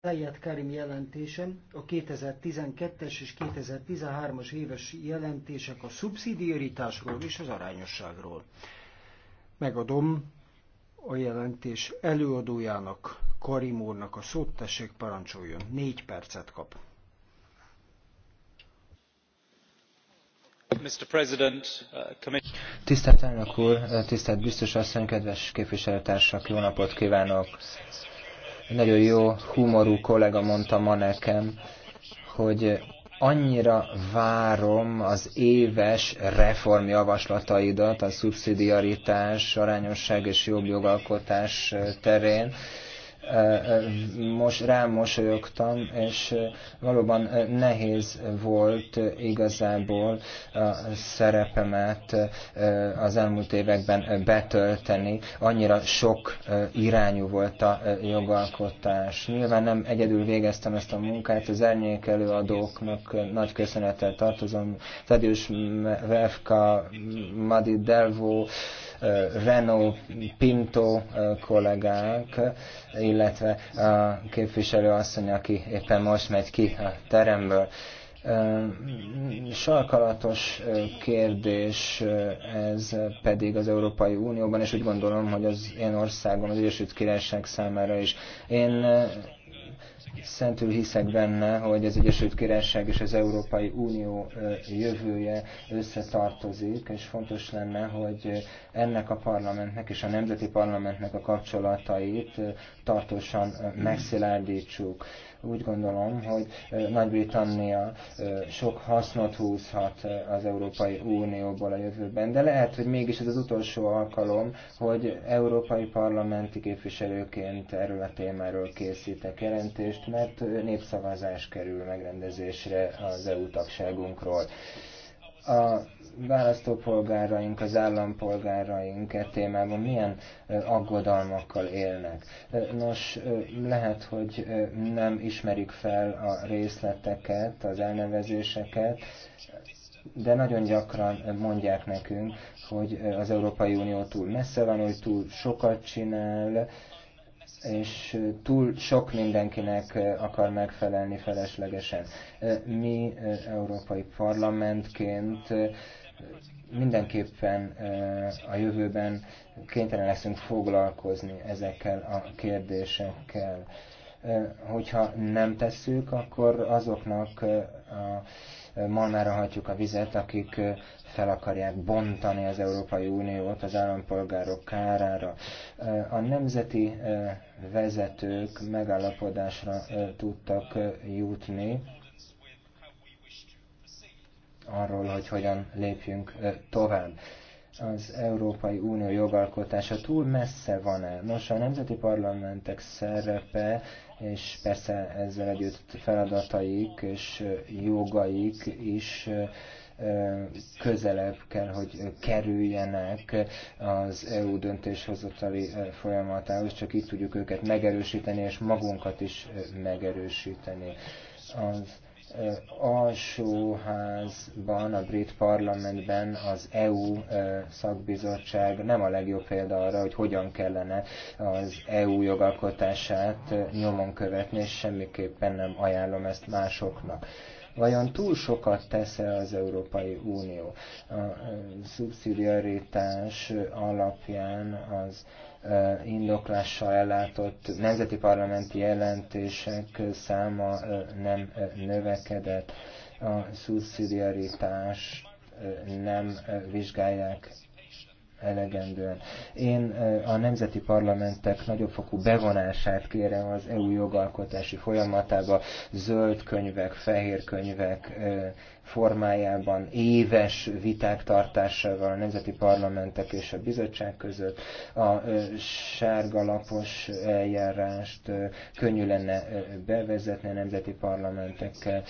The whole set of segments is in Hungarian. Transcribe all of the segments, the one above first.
Elját Karim jelentésem, a 2012-es és 2013-as éves jelentések a szubszidiaritásról és az arányosságról. Megadom a jelentés előadójának, Karim úrnak a szót, tessék parancsoljon, négy percet kap. Mr. Uh, tisztelt elnök úr, tisztelt biztos asszony, kedves képviselőtársak, jó napot kívánok! nagyon jó humorú kollega mondta ma nekem, hogy annyira várom az éves reform javaslataidat a szubszidiaritás, arányosság és jobb jogalkotás terén, most rám mosolyogtam, és valóban nehéz volt igazából a szerepemet az elmúlt években betölteni. Annyira sok irányú volt a jogalkotás. Nyilván nem egyedül végeztem ezt a munkát, az elnyék előadóknak nagy köszönettel tartozom. Tadius Vevka, Madi Delvo, Eh, Renault Pinto eh, kollégánk, illetve a képviselő asszony, aki éppen most megy ki a teremből. Eh, sarkalatos kérdés ez pedig az Európai Unióban, és úgy gondolom, hogy az én országom, az Egyesült Királyság számára is. Én szentül hiszek benne, hogy az Egyesült Királyság és az Európai Unió jövője összetartozik, és fontos lenne, hogy ennek a parlamentnek és a nemzeti parlamentnek a kapcsolatait tartósan megszilárdítsuk. Úgy gondolom, hogy Nagy-Britannia sok hasznot húzhat az Európai Unióból a jövőben, de lehet, hogy mégis ez az utolsó alkalom, hogy európai parlamenti képviselőként erről a témáról készítek jelentést, mert népszavazás kerül megrendezésre az EU tagságunkról. A választópolgáraink, az állampolgáraink e témában milyen aggodalmakkal élnek. Nos, lehet, hogy nem ismerik fel a részleteket, az elnevezéseket, de nagyon gyakran mondják nekünk, hogy az Európai Unió túl messze van, hogy túl sokat csinál, és túl sok mindenkinek akar megfelelni feleslegesen. Mi európai parlamentként mindenképpen a jövőben kénytelen leszünk foglalkozni ezekkel a kérdésekkel. Hogyha nem tesszük, akkor azoknak a malmára hagyjuk a vizet, akik fel akarják bontani az Európai Uniót az állampolgárok kárára. A nemzeti vezetők megállapodásra tudtak jutni, arról, hogy hogyan lépjünk tovább. Az Európai Unió jogalkotása túl messze van-e? Nos, a nemzeti parlamentek szerepe, és persze ezzel együtt feladataik és jogaik is közelebb kell, hogy kerüljenek az EU döntéshozatali folyamatához, csak így tudjuk őket megerősíteni, és magunkat is megerősíteni. Az alsóházban, a brit parlamentben az EU szakbizottság nem a legjobb példa arra, hogy hogyan kellene az EU jogalkotását nyomon követni, és semmiképpen nem ajánlom ezt másoknak vajon túl sokat tesz-e az Európai Unió? A szubszidiaritás alapján az indoklással ellátott nemzeti parlamenti jelentések száma nem növekedett. A szubszidiaritást nem vizsgálják elegendően. Én a nemzeti parlamentek nagyobb fokú bevonását kérem az EU jogalkotási folyamatába, zöld könyvek, fehér könyvek formájában, éves viták tartásával a nemzeti parlamentek és a bizottság között a sárgalapos eljárást könnyű lenne bevezetni a nemzeti parlamentekkel,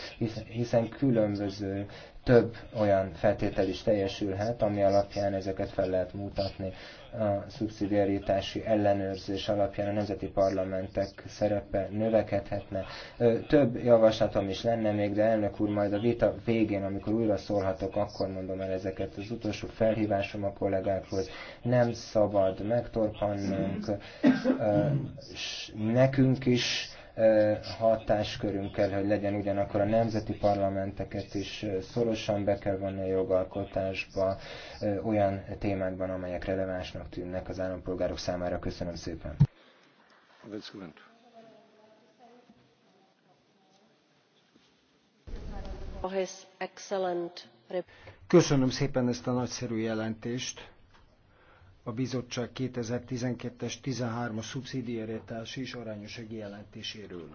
hiszen különböző több olyan feltétel is teljesülhet, ami alapján ezeket fel lehet mutatni a szubszidiaritási ellenőrzés alapján a nemzeti parlamentek szerepe növekedhetne. Több javaslatom is lenne még, de elnök úr, majd a vita végén, amikor újra szólhatok, akkor mondom el ezeket. Az utolsó felhívásom a kollégákhoz, nem szabad megtorpannunk, nekünk is hatáskörünk kell, hogy legyen ugyanakkor a nemzeti parlamenteket is szorosan be kell vonni a jogalkotásba olyan témákban, amelyek relevánsnak tűnnek az állampolgárok számára. Köszönöm szépen. Köszönöm szépen ezt a nagyszerű jelentést a bizottság 2012-es 13-as szubszidiaritás és arányosegi jelentéséről.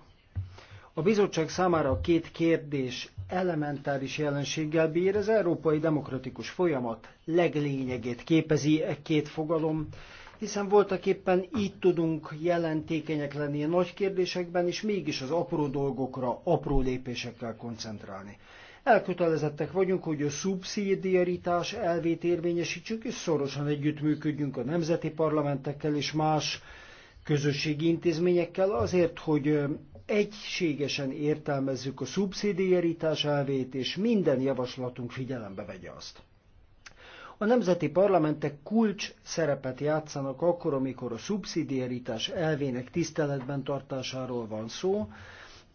A bizottság számára a két kérdés elementáris jelenséggel bír, az európai demokratikus folyamat leglényegét képezi e két fogalom, hiszen voltak éppen így tudunk jelentékenyek lenni a nagy kérdésekben, és mégis az apró dolgokra, apró lépésekkel koncentrálni. Elkötelezettek vagyunk, hogy a szubszidiaritás elvét érvényesítsük, és szorosan együttműködjünk a nemzeti parlamentekkel és más közösségi intézményekkel azért, hogy egységesen értelmezzük a szubszidiaritás elvét, és minden javaslatunk figyelembe vegye azt. A nemzeti parlamentek kulcs szerepet játszanak akkor, amikor a szubszidiaritás elvének tiszteletben tartásáról van szó,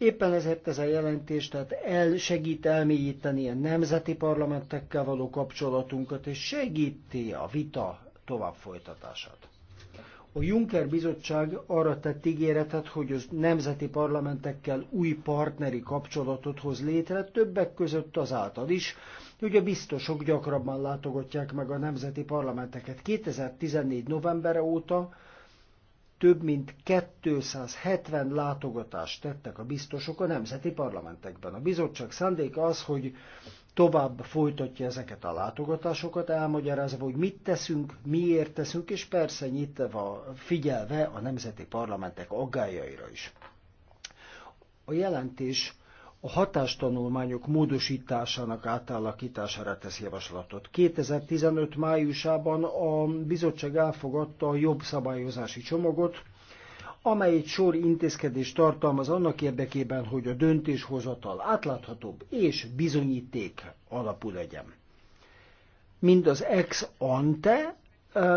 Éppen ezért ez a jelentés tehát el segít elmélyíteni a nemzeti parlamentekkel való kapcsolatunkat, és segíti a vita tovább folytatását. A Juncker bizottság arra tett ígéretet, hogy az nemzeti parlamentekkel új partneri kapcsolatot hoz létre, többek között az által is, hogy a biztosok gyakrabban látogatják meg a nemzeti parlamenteket. 2014. novembere óta több mint 270 látogatást tettek a biztosok a nemzeti parlamentekben. A bizottság szándéka az, hogy tovább folytatja ezeket a látogatásokat, elmagyarázva, hogy mit teszünk, miért teszünk, és persze nyitva figyelve a nemzeti parlamentek aggájaira is. A jelentés a hatástanulmányok módosításának átalakítására tesz javaslatot. 2015 májusában a bizottság elfogadta a jobb szabályozási csomagot, amely egy sor intézkedést tartalmaz annak érdekében, hogy a döntéshozatal átláthatóbb és bizonyíték alapú legyen. Mind az ex ante,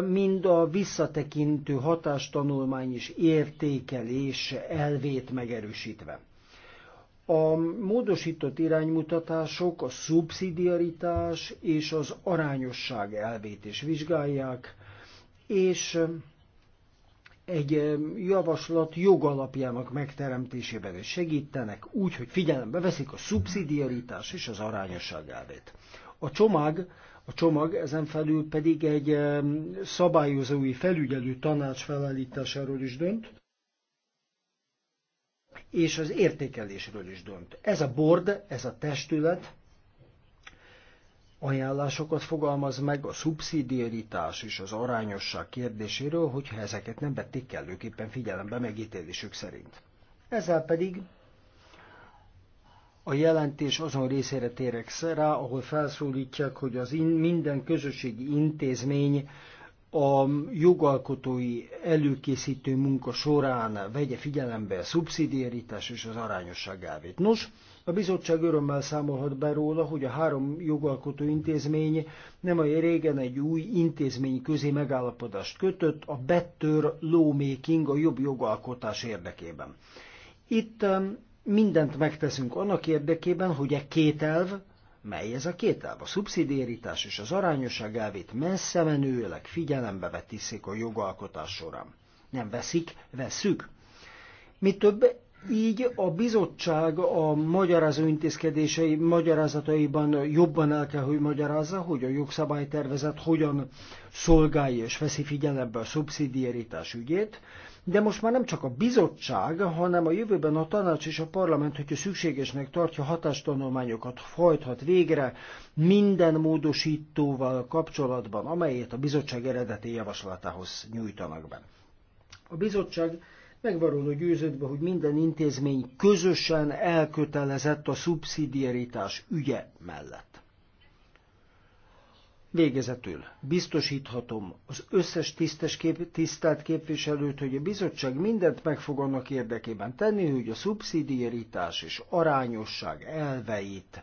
mind a visszatekintő hatástanulmány és értékelés elvét megerősítve. A módosított iránymutatások a szubszidiaritás és az arányosság elvét is vizsgálják, és egy javaslat jogalapjának megteremtésében is segítenek, úgy, hogy figyelembe veszik a szubszidiaritás és az arányosság elvét. A csomag, a csomag ezen felül pedig egy szabályozói felügyelő tanács felállításáról is dönt, és az értékelésről is dönt. Ez a board, ez a testület ajánlásokat fogalmaz meg a szubszidiaritás és az arányosság kérdéséről, hogyha ezeket nem vették kellőképpen figyelembe megítélésük szerint. Ezzel pedig a jelentés azon részére térek rá, ahol felszólítják, hogy az in, minden közösségi intézmény a jogalkotói előkészítő munka során vegye figyelembe a szubszidiaritás és az arányosság elvét. Nos, a bizottság örömmel számolhat be róla, hogy a három jogalkotó intézmény nem a régen egy új intézményi közé megállapodást kötött a Better Lawmaking a jobb jogalkotás érdekében. Itt um, mindent megteszünk annak érdekében, hogy a e két elv, mely ez a két elv, a szubszidiaritás és az arányosság elvét messze menőleg figyelembe vetiszik a jogalkotás során. Nem veszik, veszük. Mi több, így a bizottság a magyarázó intézkedései magyarázataiban jobban el kell, hogy magyarázza, hogy a jogszabálytervezet hogyan szolgálja és veszi figyelembe a szubszidiaritás ügyét, de most már nem csak a bizottság, hanem a jövőben a tanács és a parlament, hogyha szükségesnek tartja hatástanulmányokat, folythat végre minden módosítóval kapcsolatban, amelyet a bizottság eredeti javaslatához nyújtanak be. A bizottság megvaróló győződve, hogy minden intézmény közösen elkötelezett a szubszidiaritás ügye mellett. Végezetül biztosíthatom az összes tisztes kép, tisztelt képviselőt, hogy a bizottság mindent meg fog annak érdekében tenni, hogy a szubszidiaritás és arányosság elveit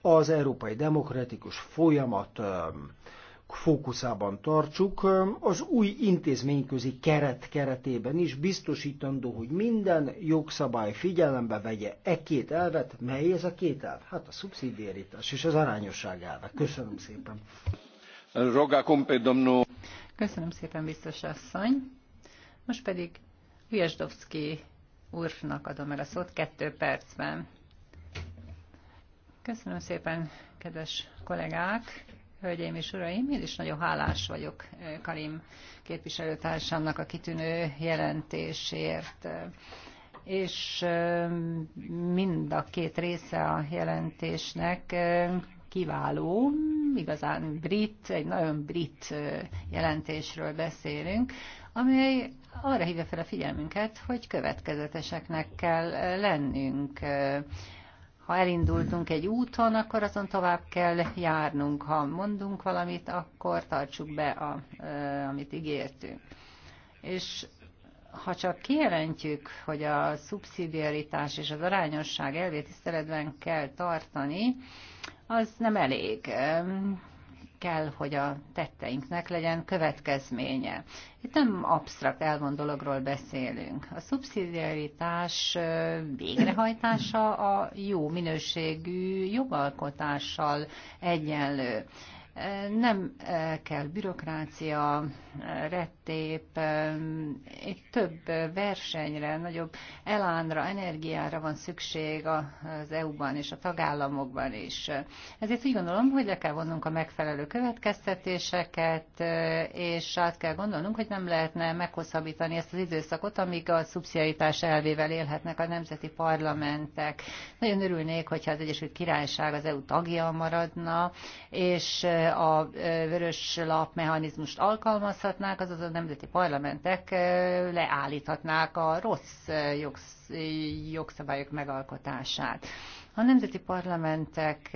az európai demokratikus folyamat fókuszában tartsuk, az új intézményközi keret keretében is biztosítandó, hogy minden jogszabály figyelembe vegye e két elvet, mely ez a két elv? Hát a szubszidiaritás és az arányosság elve. Köszönöm szépen. Köszönöm szépen, biztos asszony. Most pedig Ujasdowski úrnak adom el a szót kettő percben. Köszönöm szépen, kedves kollégák, hölgyeim és uraim, én is nagyon hálás vagyok eh, Karim képviselőtársamnak a kitűnő jelentésért és eh, mind a két része a jelentésnek eh, kiváló, igazán brit, egy nagyon brit jelentésről beszélünk, amely arra hívja fel a figyelmünket, hogy következeteseknek kell lennünk. Ha elindultunk egy úton, akkor azon tovább kell járnunk. Ha mondunk valamit, akkor tartsuk be, a, amit ígértünk. És ha csak kijelentjük, hogy a szubszidiaritás és az arányosság elvét tiszteletben kell tartani, az nem elég. Kell, hogy a tetteinknek legyen következménye. Itt nem absztrakt elvon dologról beszélünk. A szubszidiaritás végrehajtása a jó minőségű jogalkotással egyenlő. Nem kell bürokrácia, rett lép, egy több versenyre, nagyobb elánra, energiára van szükség az EU-ban és a tagállamokban is. Ezért úgy gondolom, hogy le kell vonnunk a megfelelő következtetéseket, és át kell gondolnunk, hogy nem lehetne meghosszabbítani ezt az időszakot, amíg a szubszidiaritás elvével élhetnek a nemzeti parlamentek. Nagyon örülnék, hogyha az Egyesült Királyság az EU tagja maradna, és a vörös lap mechanizmust alkalmazhatnák, azaz a nemzeti parlamentek leállíthatnák a rossz jogsz, jogszabályok megalkotását. A nemzeti parlamentek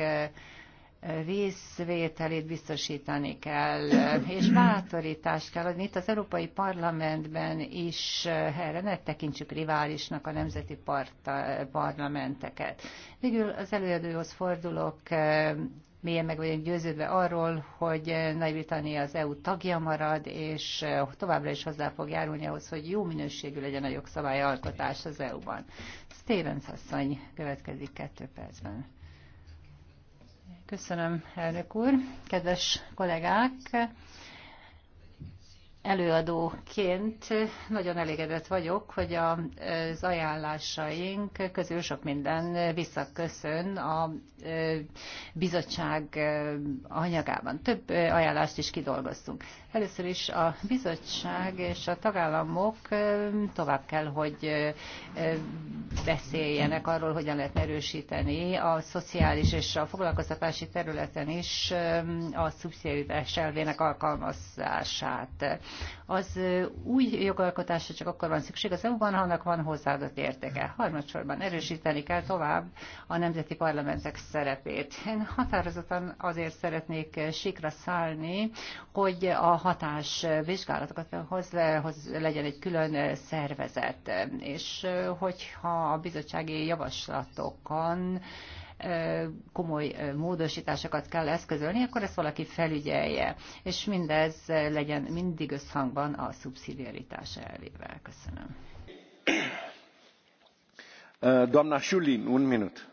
részvételét biztosítani kell, és bátorítást kell adni. Itt az Európai Parlamentben is erre ne tekintsük riválisnak a nemzeti parta, parlamenteket. Végül az előadóhoz fordulok, mélyen meg vagyunk győződve arról, hogy Nagy-Britannia az EU tagja marad, és eh, továbbra is hozzá fog járulni ahhoz, hogy jó minőségű legyen a jogszabályalkotás az EU-ban. Stevens asszony következik kettő percben. Köszönöm, elnök úr. Kedves kollégák! előadóként nagyon elégedett vagyok, hogy az ajánlásaink közül sok minden visszaköszön a e, bizottság e, anyagában. Több e, ajánlást is kidolgoztunk. Először is a bizottság és a tagállamok tovább kell, hogy beszéljenek arról, hogyan lehet erősíteni a szociális és a foglalkoztatási területen is a szubszidiaritás elvének alkalmazását az új jogalkotásra csak akkor van szükség az EU-ban, ha annak van hozzáadott értéke. Harmadsorban erősíteni kell tovább a nemzeti parlamentek szerepét. Én határozottan azért szeretnék sikra szállni, hogy a hatás vizsgálatokat hoz, hoz legyen egy külön szervezet, és hogyha a bizottsági javaslatokon komoly módosításokat kell eszközölni, akkor ezt valaki felügyelje. És mindez legyen mindig összhangban a szubszidiaritás elvével. Köszönöm. Doamna Schulin, un minut.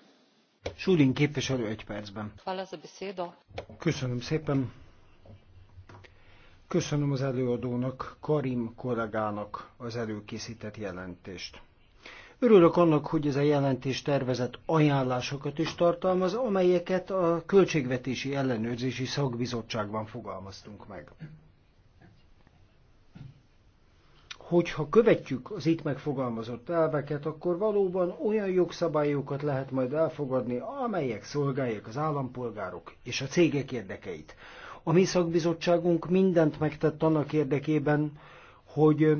Schulin képviselő egy percben. Köszönöm szépen. Köszönöm az előadónak, Karim kollégának az előkészített jelentést. Örülök annak, hogy ez a jelentés tervezett ajánlásokat is tartalmaz, amelyeket a Költségvetési Ellenőrzési Szakbizottságban fogalmaztunk meg. Hogyha követjük az itt megfogalmazott elveket, akkor valóban olyan jogszabályokat lehet majd elfogadni, amelyek szolgálják az állampolgárok és a cégek érdekeit. A mi szakbizottságunk mindent megtett annak érdekében, hogy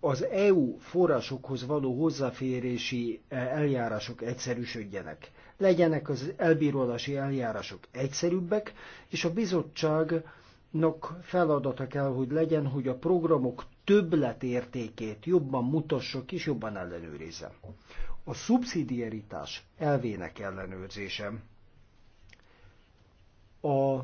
az EU forrásokhoz való hozzáférési eh, eljárások egyszerűsödjenek. Legyenek az elbírólási eljárások egyszerűbbek, és a bizottságnak feladata kell, hogy legyen, hogy a programok többletértékét jobban mutassak és jobban ellenőrizze. A szubszidiaritás elvének ellenőrzése a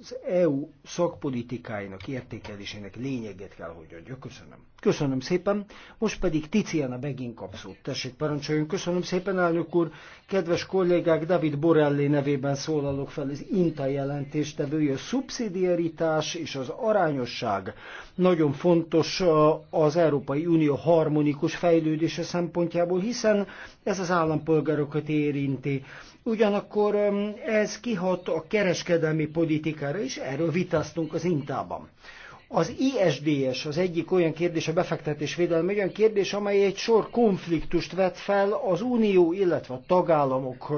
az EU szakpolitikáinak értékelésének lényeget kell, hogy adja. Köszönöm. Köszönöm szépen. Most pedig Tiziana megint kap szót. Tessék, parancsoljon. Köszönöm szépen, elnök úr. Kedves kollégák, David Borelli nevében szólalok fel. az INTA jelentéstevője. A szubszidiaritás és az arányosság nagyon fontos az Európai Unió harmonikus fejlődése szempontjából, hiszen ez az állampolgárokat érinti Ugyanakkor ez kihat a kereskedelmi politikára is, erről vitáztunk az Intában. Az ISDS az egyik olyan kérdés, a befektetésvédelem olyan kérdés, amely egy sor konfliktust vet fel az Unió, illetve a tagállamok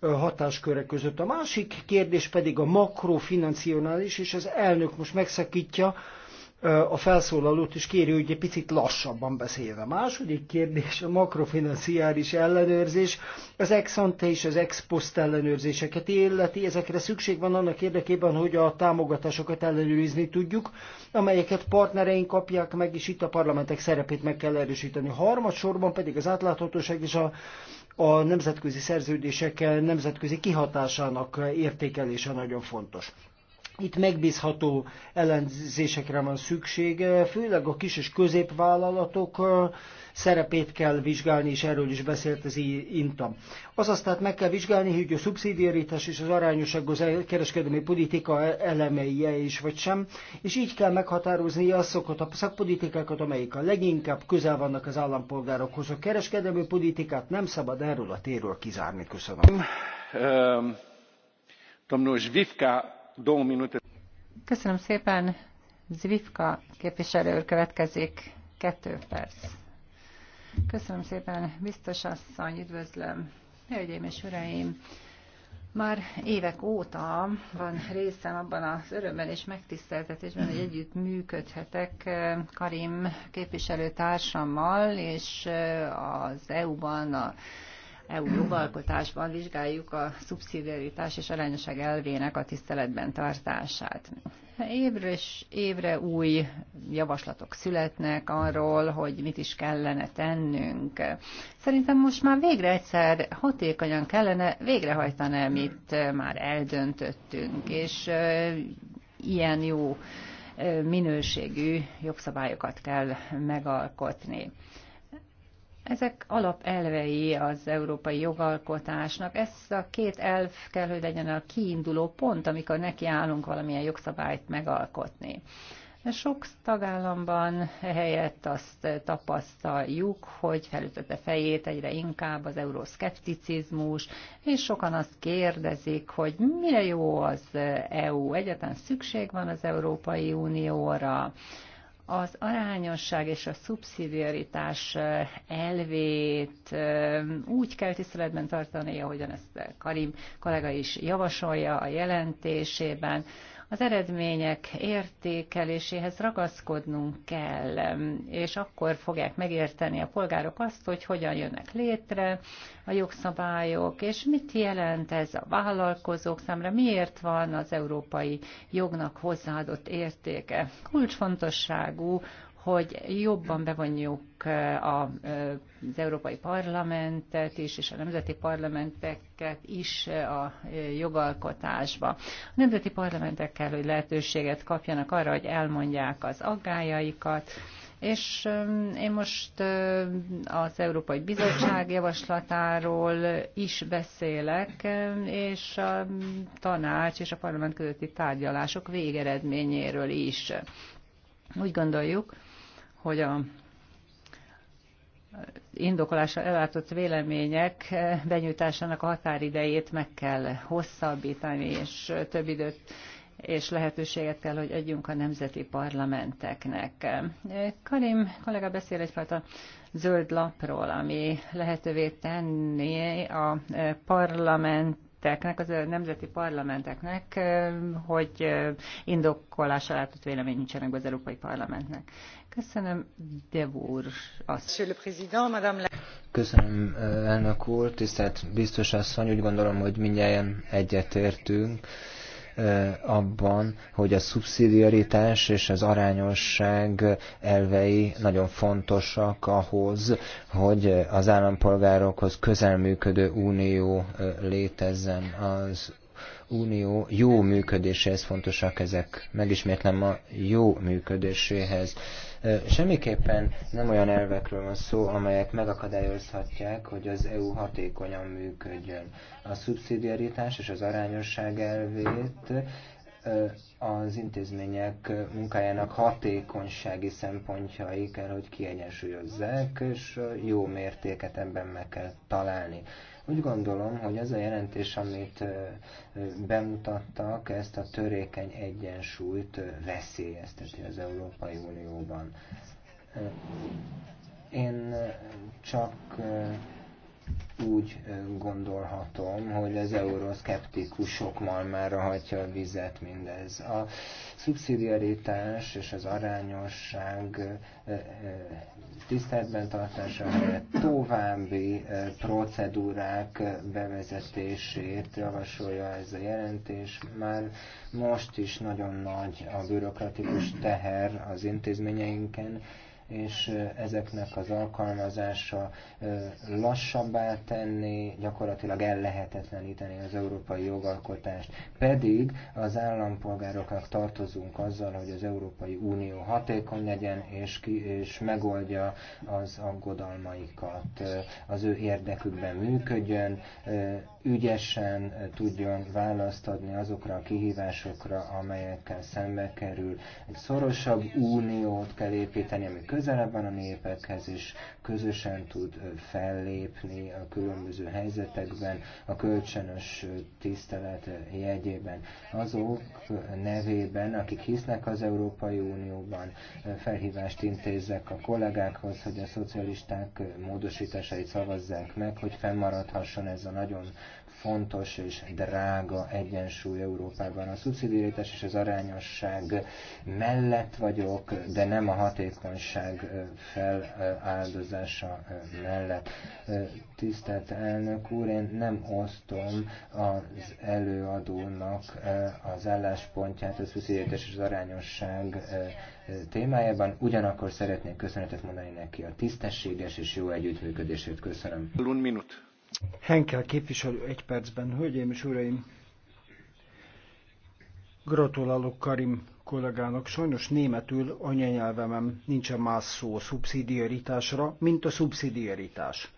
hatásköre között. A másik kérdés pedig a makrofinancionális, és az elnök most megszakítja, a felszólalót, és kéri, hogy egy picit lassabban beszélve. Második kérdés, a makrofinanciális ellenőrzés, az ex ante és az ex post ellenőrzéseket illeti, ezekre szükség van annak érdekében, hogy a támogatásokat ellenőrizni tudjuk, amelyeket partnereink kapják meg, és itt a parlamentek szerepét meg kell erősíteni. Harmadsorban pedig az átláthatóság és a a nemzetközi szerződések nemzetközi kihatásának értékelése nagyon fontos. Itt megbízható ellenzésekre van szükség, eh, főleg a kis és középvállalatok eh, szerepét kell vizsgálni, és erről is beszélt az INTA. Azaz tehát meg kell vizsgálni, hogy a szubszidiaritás és az arányosság az kereskedelmi politika e- elemeie is, vagy sem, és így kell meghatározni azokat a szakpolitikákat, amelyik a leginkább közel vannak az állampolgárokhoz. A kereskedelmi politikát nem szabad erről a térről kizárni. Köszönöm. Um, domnul Köszönöm szépen. Zvivka képviselő úr következik. Kettő perc. Köszönöm szépen, biztos asszony, üdvözlöm. Hölgyeim és uraim, már évek óta van részem abban az örömben és megtiszteltetésben, hogy együtt működhetek eh, Karim képviselőtársammal, és eh, az EU-ban a EU jogalkotásban vizsgáljuk a szubszidiaritás és arányosság elvének a tiszteletben tartását. Évre és évre új javaslatok születnek arról, hogy mit is kellene tennünk. Szerintem most már végre egyszer hatékonyan kellene végrehajtani, amit már eldöntöttünk, és ilyen jó minőségű jogszabályokat kell megalkotni. Ezek alapelvei az európai jogalkotásnak. Ez a két elv kell, hogy legyen a kiinduló pont, amikor nekiállunk valamilyen jogszabályt megalkotni. Sok tagállamban helyett azt tapasztaljuk, hogy felütötte fejét egyre inkább az euroszkepticizmus, és sokan azt kérdezik, hogy mire jó az EU, egyetlen szükség van az Európai Unióra, az arányosság és a szubszidiaritás elvét úgy kell tiszteletben tartani, ahogyan ezt Karim kollega is javasolja a jelentésében, az eredmények értékeléséhez ragaszkodnunk kell, és akkor fogják megérteni a polgárok azt, hogy hogyan jönnek létre a jogszabályok, és mit jelent ez a vállalkozók számára, miért van az európai jognak hozzáadott értéke. Kulcsfontosságú, hogy jobban bevonjuk az Európai Parlamentet is, és a nemzeti parlamenteket is a jogalkotásba. A nemzeti parlamentek kell, hogy lehetőséget kapjanak arra, hogy elmondják az aggájaikat, és én most az Európai Bizottság javaslatáról is beszélek, és a tanács és a parlament közötti tárgyalások végeredményéről is. Úgy gondoljuk, hogy a indokolása elváltott vélemények benyújtásának a határidejét meg kell hosszabbítani, és több időt és lehetőséget kell, hogy adjunk a nemzeti parlamenteknek. Karim kollega beszél egyfajta zöld lapról, ami lehetővé tenni a parlament parlamenteknek, az nemzeti parlamenteknek, hogy indokolással látott vélemény nincsenek az Európai Parlamentnek. Köszönöm, de azt. Köszönöm, elnök úr, tisztelt biztos asszony, úgy gondolom, hogy mindjárt egyetértünk E, abban, hogy a szubszidiaritás és az arányosság elvei nagyon fontosak ahhoz, hogy az állampolgárokhoz közelműködő unió e, létezzen. Az unió jó működéséhez fontosak ezek. Megismétlem a jó működéséhez. Semmiképpen nem olyan elvekről van szó, amelyek megakadályozhatják, hogy az EU hatékonyan működjön. A szubszidiaritás és az arányosság elvét az intézmények munkájának hatékonysági szempontjai kell, hogy kiegyensúlyozzák, és jó mértéket ebben meg kell találni. Úgy gondolom, hogy ez a jelentés, amit bemutattak, ezt a törékeny egyensúlyt veszélyezteti az Európai Unióban. Én csak úgy gondolhatom, hogy az euroszkeptikusok már hagyja a vizet mindez. A szubszidiaritás és az arányosság tiszteletben tartása helyett további procedúrák bevezetését javasolja ez a jelentés. Már most is nagyon nagy a bürokratikus teher az intézményeinken, és ezeknek az alkalmazása lassabbá tenni, gyakorlatilag ellehetetleníteni az európai jogalkotást. Pedig az állampolgároknak tartozunk azzal, hogy az Európai Unió hatékony legyen, és, ki, és megoldja az aggodalmaikat, az ő érdekükben működjön, ügyesen eh, tudjon választ adni azokra a kihívásokra, amelyekkel szembe kerül. Egy szorosabb uniót kell építeni, ami közelebb van a népekhez, és közösen tud fellépni a különböző helyzetekben, a kölcsönös tisztelet jegyében. Azok nevében, akik hisznek az Európai Unióban, felhívást intézzek a kollégákhoz, hogy a szocialisták módosításait szavazzák meg, hogy fennmaradhasson ez a nagyon fontos és drága egyensúly Európában. A szubszidiaritás és az arányosság mellett vagyok, de nem a hatékonyság feláldozása mellett. Tisztelt elnök úr, én nem osztom az előadónak az álláspontját a szubszidiaritás és az arányosság témájában, ugyanakkor szeretnék köszönetet mondani neki a tisztességes és jó együttműködését. Köszönöm. Lund minut. Henkel képviselő egy percben. Hölgyeim és uraim, gratulálok Karim kollégának. Sajnos németül anyanyelvemem nincsen más szó a szubszidiaritásra, mint a szubszidiaritás.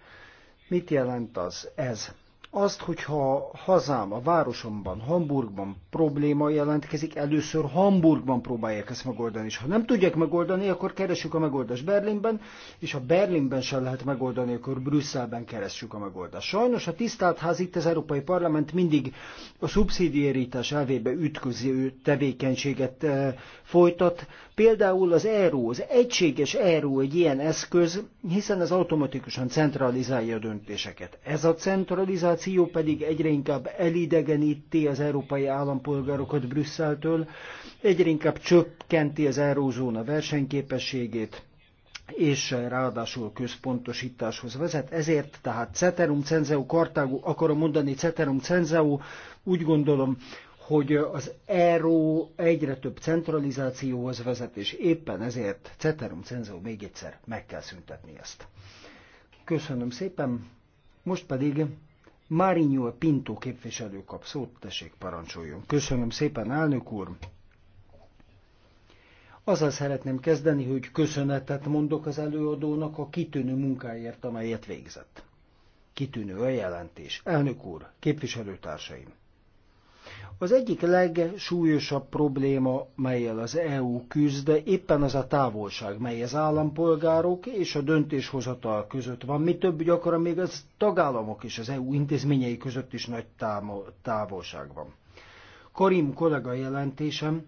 Mit jelent az ez? Azt, hogyha hazám, a városomban, Hamburgban probléma jelentkezik, először Hamburgban próbálják ezt megoldani, és ha nem tudják megoldani, akkor keresjük a megoldást Berlinben, és ha Berlinben sem lehet megoldani, akkor Brüsszelben keresjük a megoldást. Sajnos a tisztelt ház itt az Európai Parlament mindig a szubszidiérítás elvébe ütköző tevékenységet eh, folytat. Például az ERU, az egységes ERU egy ilyen eszköz, hiszen ez automatikusan centralizálja a döntéseket. Ez a centralizáció migráció pedig egyre inkább elidegeníti az európai állampolgárokat Brüsszeltől, egyre inkább csökkenti az eurózóna versenyképességét és ráadásul központosításhoz vezet. Ezért tehát Ceterum Cenzeu Kartágu, akarom mondani Ceterum Cenzeu, úgy gondolom, hogy az ERO egyre több centralizációhoz vezet, és éppen ezért Ceterum Cenzeu még egyszer meg kell szüntetni ezt. Köszönöm szépen, most pedig Márinyúl Pinto képviselő kap szót, tessék parancsoljon. Köszönöm szépen, elnök úr! Azzal szeretném kezdeni, hogy köszönetet mondok az előadónak a kitűnő munkáért, amelyet végzett. Kitűnő a jelentés. Elnök úr, képviselőtársaim! Az egyik legsúlyosabb probléma, melyel az EU küzd, de éppen az a távolság, mely az állampolgárok és a döntéshozatal között van. Mi több gyakran még az tagállamok és az EU intézményei között is nagy távolság van. Karim kollega jelentésem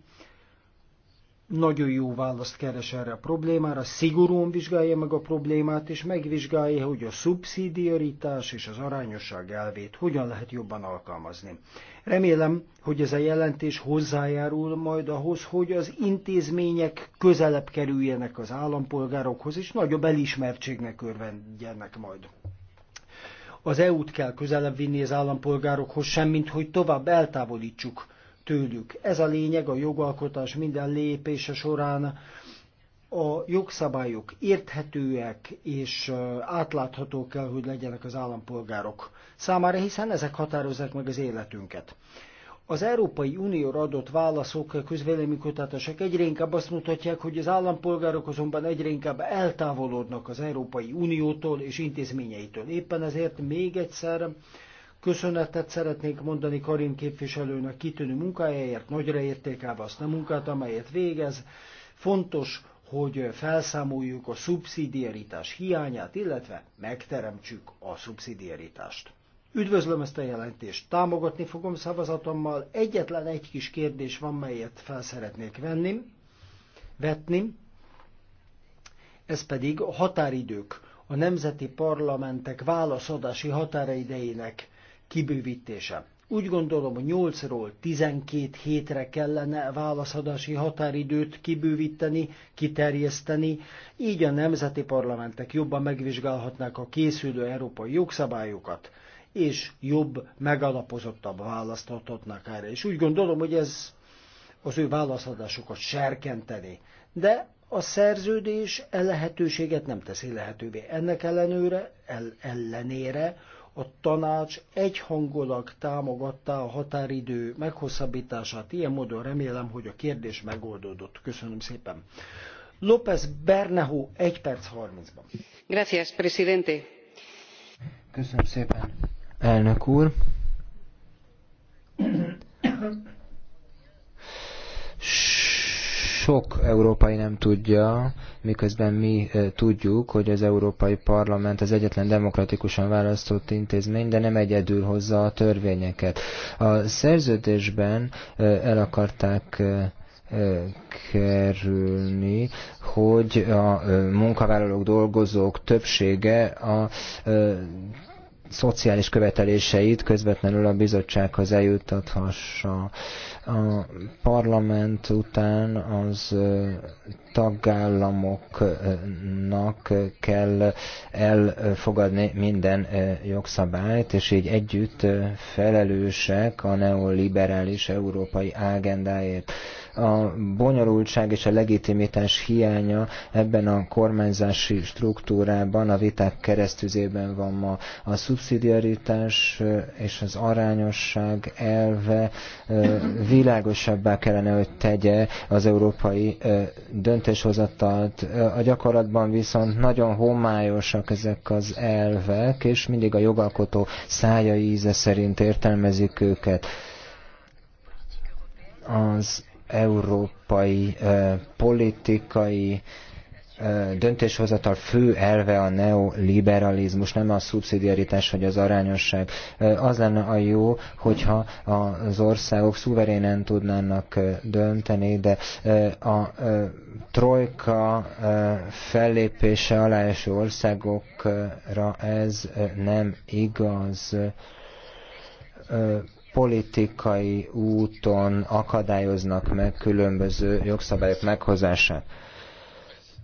nagyon jó választ keres erre a problémára, szigorúan vizsgálja meg a problémát, és megvizsgálja, hogy a szubszidiaritás és az arányosság elvét hogyan lehet jobban alkalmazni. Remélem, hogy ez a jelentés hozzájárul majd ahhoz, hogy az intézmények közelebb kerüljenek az állampolgárokhoz, és nagyobb elismertségnek örvendjenek majd az EU-t kell közelebb vinni az állampolgárokhoz, semmint hogy tovább eltávolítsuk tőlük. Ez a lényeg a jogalkotás minden lépése során. A jogszabályok érthetőek és átláthatók kell, hogy legyenek az állampolgárok számára, hiszen ezek határozzák meg az életünket. Az Európai Unió adott válaszok, közvéleménykutatások egyre inkább azt mutatják, hogy az állampolgárok azonban egyre inkább eltávolodnak az Európai Uniótól és intézményeitől. Éppen ezért még egyszer Köszönetet szeretnék mondani Karin képviselőnek kitűnő munkájáért, nagyra értékelve azt a munkát, amelyet végez. Fontos, hogy felszámoljuk a szubszidiaritás hiányát, illetve megteremtsük a szubszidiaritást. Üdvözlöm ezt a jelentést, támogatni fogom szavazatommal. Egyetlen egy kis kérdés van, melyet fel szeretnék venni, vetni, ez pedig a határidők, a nemzeti parlamentek válaszadási határidejének kibővítése. Úgy gondolom, hogy 8-ról 12 hétre kellene válaszadási határidőt kibővíteni, kiterjeszteni, így a nemzeti parlamentek jobban megvizsgálhatnák a készülő európai jogszabályokat, és jobb, megalapozottabb választ adhatnak erre. És úgy gondolom, hogy ez az ő válaszadásokat serkenteni. De a szerződés e lehetőséget nem teszi lehetővé. Ennek ellenőre, el, ellenére a tanács egyhangulag támogatta a határidő meghosszabbítását. Ilyen módon remélem, hogy a kérdés megoldódott. Köszönöm szépen. López Bernehu, 1 perc 30-ban. Gracias, presidente. Köszönöm szépen, elnök úr. sok európai nem tudja, miközben mi eh, tudjuk, hogy az Európai Parlament az egyetlen demokratikusan választott intézmény, de nem egyedül hozza a törvényeket. A szerződésben eh, el akarták eh, kerülni, hogy a munkavállalók, dolgozók többsége a szociális követeléseit közvetlenül a bizottsághoz eljuttathassa. A parlament után az tagállamoknak kell elfogadni minden jogszabályt, és így együtt felelősek a neoliberális európai ágendáért. A bonyolultság és a legitimitás hiánya ebben a kormányzási struktúrában, a viták keresztüzében van ma. A szubszidiaritás és az arányosság elve világosabbá kellene, hogy tegye az európai döntéshozatalt. A gyakorlatban viszont nagyon homályosak ezek az elvek, és mindig a jogalkotó szája íze szerint értelmezik őket. Az európai politikai döntéshozatal fő elve a neoliberalizmus, nem a szubszidiaritás vagy az arányosság. Az lenne a jó, hogyha az országok szuverénen tudnának dönteni, de a trojka fellépése alá eső országokra ez nem igaz politikai úton akadályoznak meg különböző jogszabályok meghozását.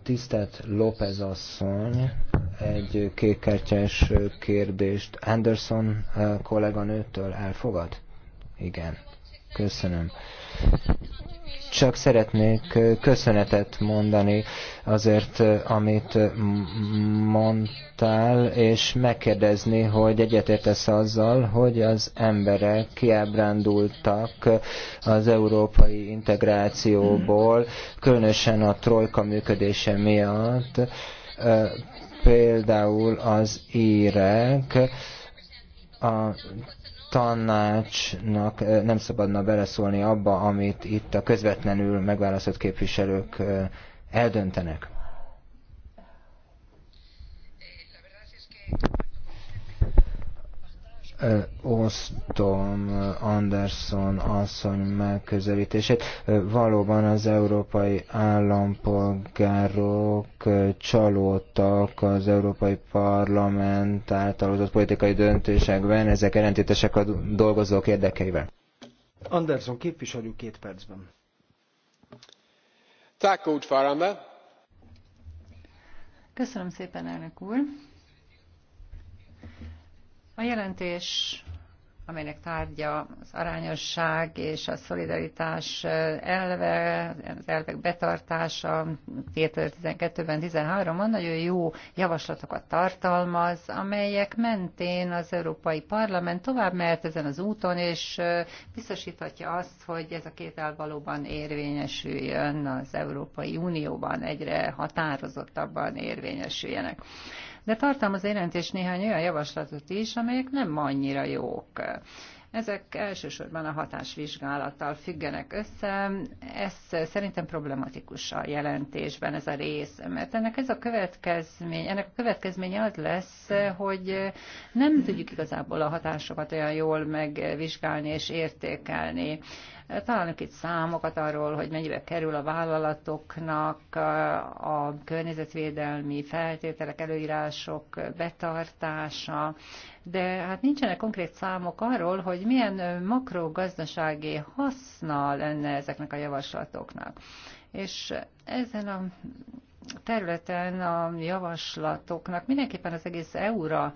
Tisztelt López asszony, egy kékkártyás kérdést Anderson eh, kolléganőtől elfogad? Igen. Köszönöm csak szeretnék köszönetet mondani azért, amit mondtál, és megkérdezni, hogy egyetértesz azzal, hogy az emberek kiábrándultak az európai integrációból, különösen a trojka működése miatt, például az írek, a tanácsnak nem szabadna beleszólni abba, amit itt a közvetlenül megválasztott képviselők eldöntenek osztom Anderson asszony megközelítését. Valóban az európai állampolgárok csalódtak az Európai Parlament által hozott politikai döntésekben, ezek ellentétesek a dolgozók érdekeivel. Anderson képviselő két percben. Köszönöm szépen, elnök úr! A jelentés, amelynek tárgya az arányosság és a szolidaritás elve, az elvek betartása 2012-ben, 13-ban nagyon jó javaslatokat tartalmaz, amelyek mentén az Európai Parlament tovább mehet ezen az úton, és biztosíthatja azt, hogy ez a két elv valóban érvényesüljön az Európai Unióban, egyre határozottabban érvényesüljenek de tartalmaz a jelentés néhány olyan javaslatot is, amelyek nem annyira jók. Ezek elsősorban a hatásvizsgálattal függenek össze. Ez szerintem problematikus a jelentésben ez a rész, mert ennek ez a következmény, ennek a következménye az lesz, hogy nem tudjuk igazából a hatásokat olyan jól megvizsgálni és értékelni. Találunk itt számokat arról, hogy mennyibe kerül a vállalatoknak a környezetvédelmi feltételek, előírások betartása, de hát nincsenek konkrét számok arról, hogy milyen makrogazdasági haszna lenne ezeknek a javaslatoknak. És ezen a területen a javaslatoknak mindenképpen az egész EU-ra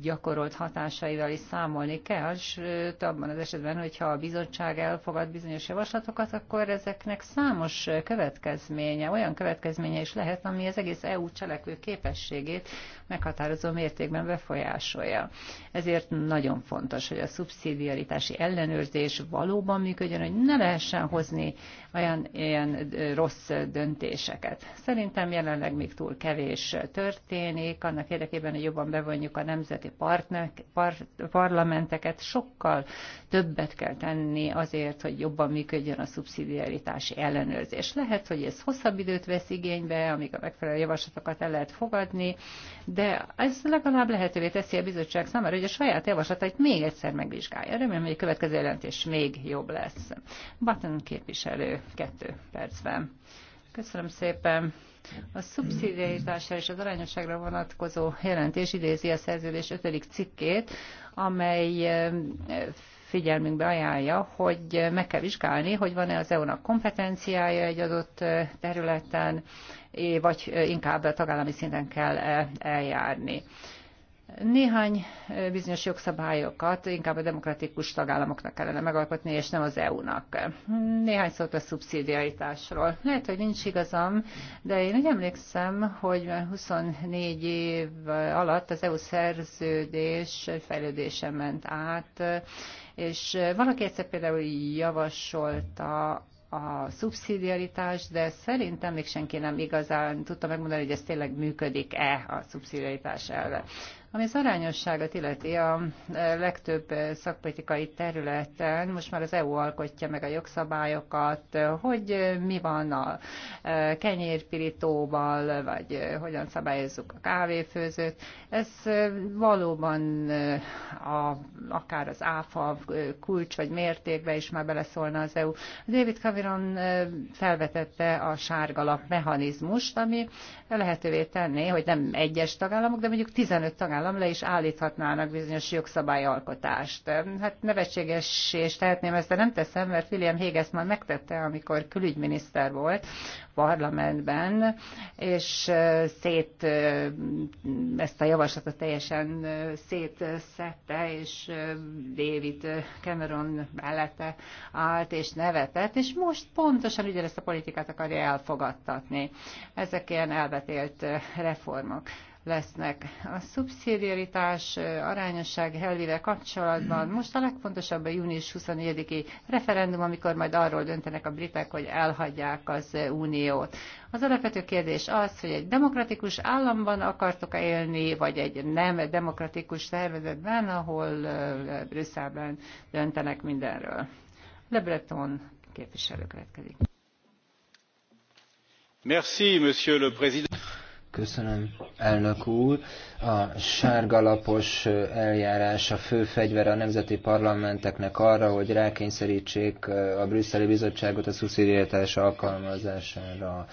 gyakorolt hatásaival is számolni kell, sőt abban az esetben, hogyha a bizottság elfogad bizonyos javaslatokat, akkor ezeknek számos következménye, olyan következménye is lehet, ami az egész EU cselekvő képességét meghatározó mértékben befolyásolja. Ezért nagyon fontos, hogy a szubszidiaritási ellenőrzés valóban működjön, hogy ne lehessen hozni olyan ilyen rossz döntéseket. Szerintem jelenleg még túl kevés történik, annak érdekében, hogy jobban bevonjuk bevonjuk a nemzeti partnerek, par, parlamenteket, sokkal többet kell tenni azért, hogy jobban működjön a szubszidiaritási ellenőrzés. Lehet, hogy ez hosszabb időt vesz igénybe, amíg a megfelelő javaslatokat el lehet fogadni, de ez legalább lehetővé teszi a bizottság számára, hogy a saját javaslatait még egyszer megvizsgálja. Remélem, hogy a következő jelentés még jobb lesz. Button képviselő, kettő percben. Köszönöm szépen. A szubszidiaritásra és az arányosságra vonatkozó jelentés idézi a szerződés 5. cikkét, amely figyelmünkbe ajánlja, hogy meg kell vizsgálni, hogy van-e az EU-nak kompetenciája egy adott területen, vagy inkább a tagállami szinten kell eljárni. Néhány bizonyos jogszabályokat inkább a demokratikus tagállamoknak kellene megalkotni, és nem az EU-nak. Néhány szót a szubszidiaritásról. Lehet, hogy nincs igazam, de én úgy emlékszem, hogy 24 év alatt az EU szerződés fejlődése ment át, és valaki egyszer például javasolta a szubszidiaritás, de szerintem még senki nem igazán tudta megmondani, hogy ez tényleg működik-e a szubszidiaritás elve. Ami az arányosságot illeti a e, legtöbb e, szakpolitikai területen, most már az EU alkotja meg a jogszabályokat, hogy e, mi van a kenyérpirítóval, vagy hogyan szabályozzuk a kávéfőzőt. Ez valóban a, akár az áfa kulcs vagy mértékbe is már beleszólna az EU. David Cameron felvetette a sárgalap mechanizmust, ami lehetővé tenné, hogy nem egyes tagállamok, de mondjuk 15 tagállam állam le is állíthatnának bizonyos jogszabályalkotást. Hát nevetséges és tehetném ezt, de nem teszem, mert William Hague ezt már megtette, amikor külügyminiszter volt parlamentben, és szét ezt a javaslatot teljesen szétszette, és David Cameron mellette állt és nevetett, és most pontosan ugyanezt a politikát akarja elfogadtatni. Ezek ilyen elvetélt reformok lesznek. A szubszidiaritás arányosság elvével kapcsolatban most a legfontosabb a június 24-i referendum, amikor majd arról döntenek a britek, hogy elhagyják az uniót. Az alapvető kérdés az, hogy egy demokratikus államban akartok -e élni, vagy egy nem demokratikus szervezetben, ahol Brüsszelben döntenek mindenről. Le Breton képviselő következik. Merci, monsieur le président. Köszönöm, elnök úr. A sárgalapos eljárás a fő fegyver a nemzeti parlamenteknek arra, hogy rákényszerítsék a brüsszeli bizottságot a szubszidiaritás alkalmazására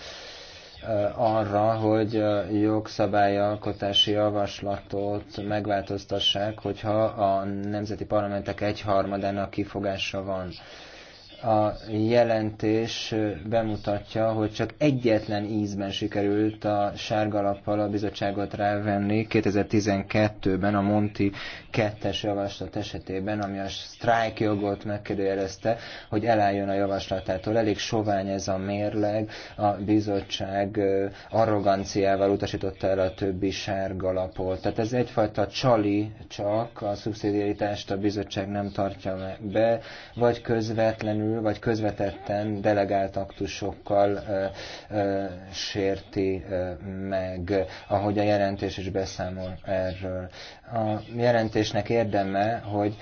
arra, hogy a jogszabályalkotási javaslatot megváltoztassák, hogyha a nemzeti parlamentek egyharmadának kifogása van a jelentés bemutatja, hogy csak egyetlen ízben sikerült a sárgalappal a bizottságot rávenni 2012-ben a Monti kettes javaslat esetében, ami a strike jogot megkérdőjelezte, hogy elálljon a javaslatától. Elég sovány ez a mérleg, a bizottság arroganciával utasította el a többi sárgalapot. Tehát ez egyfajta csali csak, a szubszidiaritást a bizottság nem tartja be, vagy közvetlenül közvetlenül vagy közvetetten delegált aktusokkal sérti meg, ahogy a jelentés is beszámol erről. A jelentésnek érdeme, hogy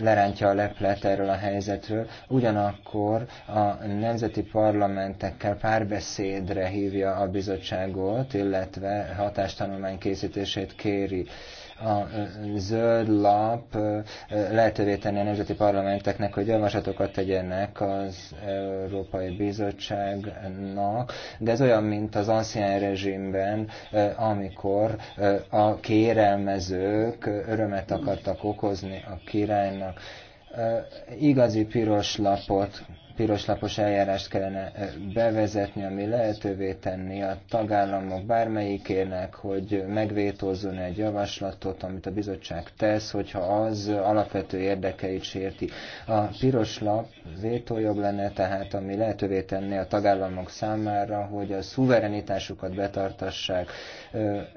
lerántja a leplet erről a helyzetről, ugyanakkor a nemzeti parlamentekkel párbeszédre hívja a bizottságot, illetve hatástanulmány készítését kéri a zöld lap lehetővé tenni a nemzeti parlamenteknek, hogy javaslatokat tegyenek az Európai Bizottságnak, de ez olyan, mint az ancien rezsimben, amikor a kérelmezők örömet akartak okozni a királynak. Igazi piros lapot piroslapos eljárást kellene eh, bevezetni, ami lehetővé tenni a tagállamok bármelyikének, hogy megvétózzon egy javaslatot, amit a bizottság tesz, hogyha az alapvető érdekeit sérti. A piros lap lenne tehát, ami lehetővé tenni a tagállamok számára, hogy a szuverenitásukat betartassák,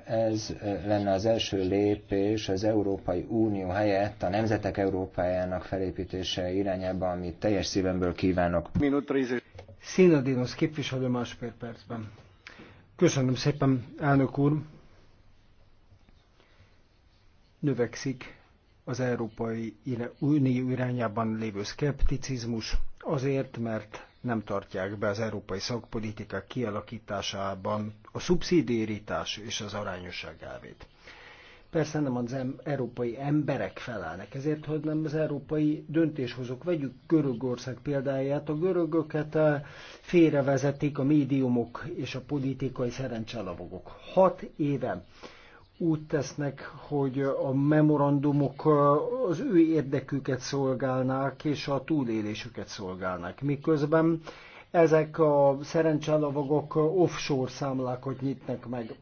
ez lenne az első lépés az Európai Unió helyett a Nemzetek Európájának felépítése irányába, amit teljes szívemből kívánok. Színadinos képviselő másfél percben. Köszönöm szépen, elnök úr. Növekszik az Európai Unió irányában lévő szkepticizmus, azért, mert nem tartják be az európai szakpolitika kialakításában a szubszidiaritás és az arányosság elvét. Persze nem az em- európai emberek felelnek ezért, hogy nem az európai döntéshozók. Vegyük Görögország példáját, a görögöket eh, félrevezetik a médiumok és a politikai szerencselavogok. Hat éve úgy tesznek, hogy a memorandumok az ő érdeküket szolgálnák, és a túlélésüket szolgálnák. Miközben ezek a szerencselavagok offshore számlákat nyitnak meg.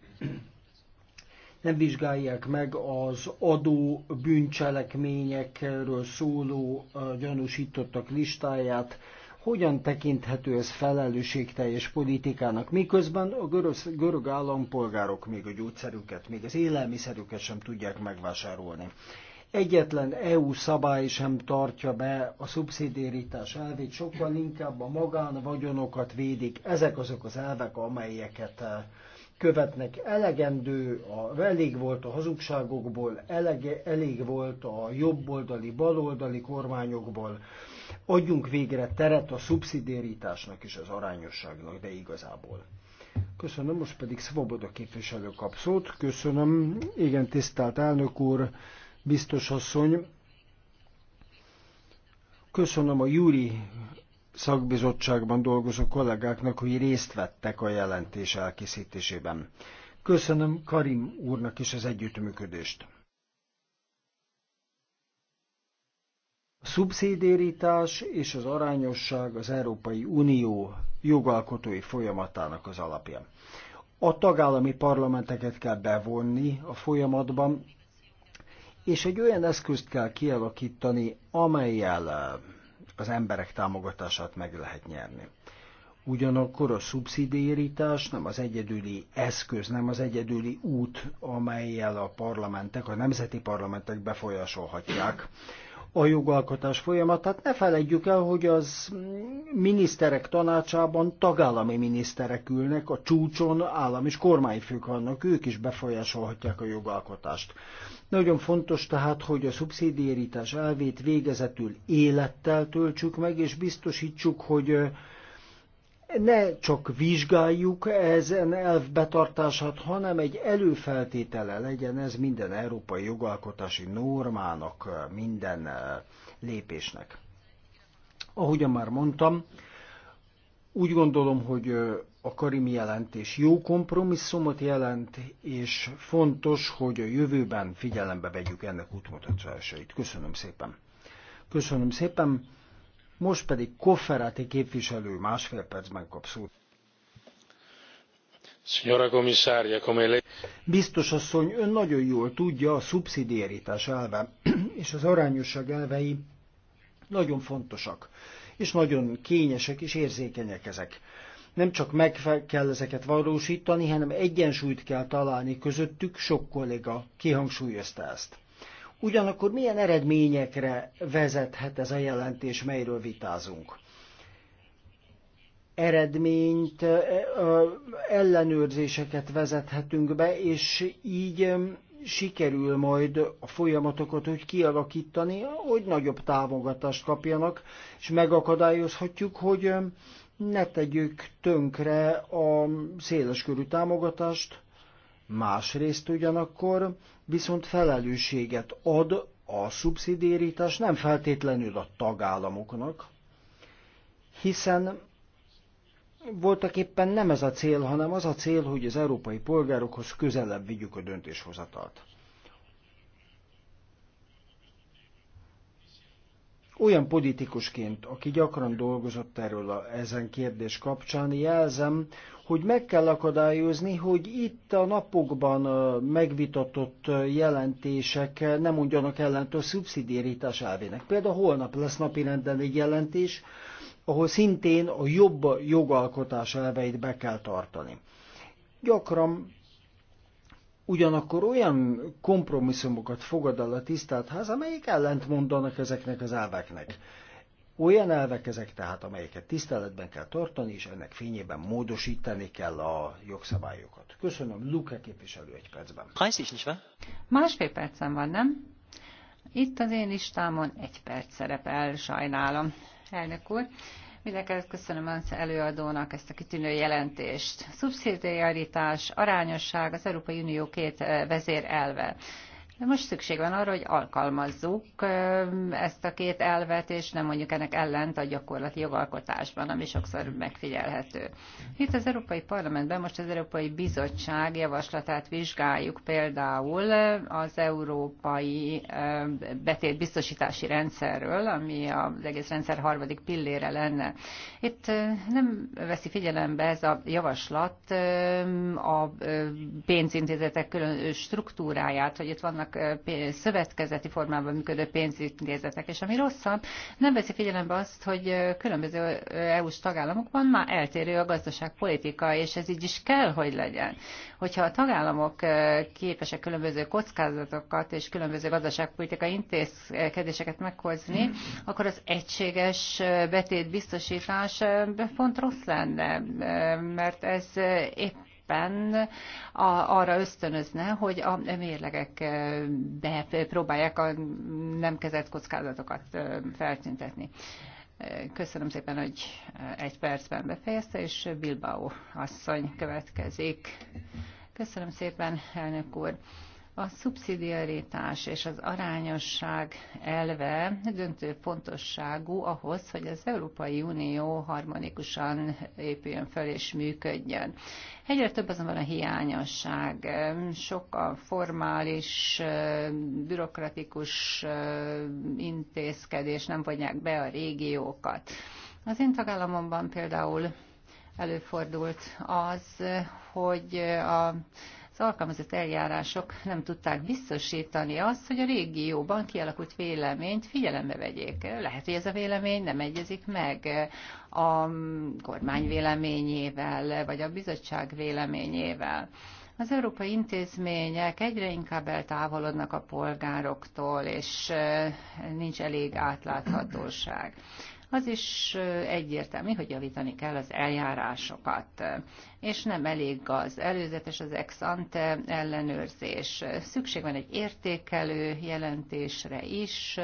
Nem vizsgálják meg az adó bűncselekményekről szóló gyanúsítottak listáját, hogyan tekinthető ez felelősségteljes politikának, miközben a görög, görög állampolgárok még a gyógyszerüket, még az élelmiszerüket sem tudják megvásárolni? Egyetlen EU szabály sem tartja be a szubszidéritás elvét, sokkal inkább a magánvagyonokat védik. Ezek azok az elvek, amelyeket eh, követnek. Elegendő, a, elég volt a hazugságokból, elege, elég volt a jobboldali, baloldali kormányokból, Adjunk végre teret a szubszidéritásnak és az arányosságnak, de igazából. Köszönöm, most pedig Svoboda képviselő kap szót. Köszönöm, igen, tisztelt elnök úr, biztos asszony. Köszönöm a Júri szakbizottságban dolgozó kollégáknak, hogy részt vettek a jelentés elkészítésében. Köszönöm Karim úrnak is az együttműködést. A szubszédérítás és az arányosság az Európai Unió jogalkotói folyamatának az alapja. A tagállami parlamenteket kell bevonni a folyamatban, és egy olyan eszközt kell kialakítani, amelyel eh, az emberek támogatását meg lehet nyerni. Ugyanakkor a szubszidiaritás nem az egyedüli eszköz, nem az egyedüli út, amelyel a parlamentek, a nemzeti parlamentek befolyásolhatják a jogalkotás folyamatát. Ne felejtjük el, hogy az miniszterek tanácsában tagállami miniszterek ülnek, a csúcson állam és kormányfők vannak, ők is befolyásolhatják a jogalkotást. Nagyon fontos tehát, hogy a szubszidiérítás elvét végezetül élettel töltsük meg, és biztosítsuk, hogy ne csak vizsgáljuk ezen elv betartását, hanem egy előfeltétele legyen ez minden európai jogalkotási normának, minden eh, lépésnek. Ahogyan már mondtam, úgy gondolom, hogy eh, a Karimi jelentés jó kompromisszumot jelent, és fontos, hogy a jövőben figyelembe vegyük ennek útmutatásait. Köszönöm szépen. Köszönöm szépen. Most pedig Kofferati képviselő másfél percben kap szót. Biztos asszony, ön nagyon jól tudja a szubszidiaritás elve és az arányosság elvei nagyon fontosak, és nagyon kényesek és érzékenyek ezek. Nem csak meg kell ezeket valósítani, hanem egyensúlyt kell találni közöttük, sok kolléga kihangsúlyozta ezt. Ugyanakkor milyen eredményekre vezethet ez a jelentés, melyről vitázunk? eredményt, ellenőrzéseket vezethetünk be, és így sikerül majd a folyamatokat úgy kialakítani, hogy nagyobb támogatást kapjanak, és megakadályozhatjuk, hogy ne tegyük tönkre a széleskörű támogatást, másrészt ugyanakkor viszont felelősséget ad a szubszidiaritás nem feltétlenül a tagállamoknak, hiszen voltak éppen nem ez a cél, hanem az a cél, hogy az európai polgárokhoz közelebb vigyük a döntéshozatalt. Olyan politikusként, aki gyakran dolgozott erről a, ezen kérdés kapcsán, jelzem, hogy meg kell akadályozni, hogy itt a napokban megvitatott jelentések nem mondjanak ellent a szubszidiaritás elvének. Például holnap lesz napirenden egy jelentés, ahol szintén a jobb jogalkotás elveit be kell tartani. Gyakran ugyanakkor olyan kompromisszumokat fogad el a tisztelt ház, amelyik ellent mondanak ezeknek az elveknek. Olyan elvek ezek tehát, amelyeket tiszteletben kell tartani, és ennek fényében módosítani kell a jogszabályokat. Köszönöm, Luke képviselő egy percben. is Másfél percem van, nem? Itt az én listámon egy perc szerepel, sajnálom. Elnök úr, Mindenkelőtt köszönöm az előadónak ezt a kitűnő jelentést. Szubszidiaritás, arányosság az Európai Unió két eh, vezérelve. De most szükség van arra, hogy alkalmazzuk ezt a két elvet, és nem mondjuk ennek ellent a gyakorlati jogalkotásban, ami sokszor megfigyelhető. Itt az Európai Parlamentben most az Európai Bizottság javaslatát vizsgáljuk például az Európai Betétbiztosítási Rendszerről, ami az egész rendszer harmadik pillére lenne. Itt nem veszi figyelembe ez a javaslat a pénzintézetek külön struktúráját, hogy itt vannak vannak szövetkezeti formában működő pénzintézetek, és ami rosszabb, nem veszi figyelembe azt, hogy különböző EU-s tagállamokban már eltérő a gazdaságpolitika, és ez így is kell, hogy legyen. Hogyha a tagállamok képesek különböző kockázatokat és különböző gazdaságpolitikai intézkedéseket meghozni, akkor az egységes betét biztosítás pont rossz lenne, mert ez épp mindenképpen arra ösztönözne, hogy a mérlegek próbálják a nem kezelt kockázatokat feltüntetni. Köszönöm szépen, hogy egy percben befejezte, és Bilbao asszony következik. Köszönöm szépen, elnök úr. A szubszidiaritás és az arányosság elve döntő fontosságú ahhoz, hogy az Európai Unió harmonikusan épüljön fel és működjön. Egyre több azonban a hiányosság, sok a formális, bürokratikus intézkedés, nem vonják be a régiókat. Az én tagállamomban például előfordult az, hogy a az alkalmazott eljárások nem tudták biztosítani azt, hogy a régióban kialakult véleményt figyelembe vegyék. Lehet, hogy ez a vélemény nem egyezik meg a kormány véleményével, vagy a bizottság véleményével. Az európai intézmények egyre inkább eltávolodnak a polgároktól, és eh, nincs elég átláthatóság az is egyértelmű, hogy javítani kell az eljárásokat. És nem elég az előzetes, az ex ante ellenőrzés. Szükség van egy értékelő jelentésre is,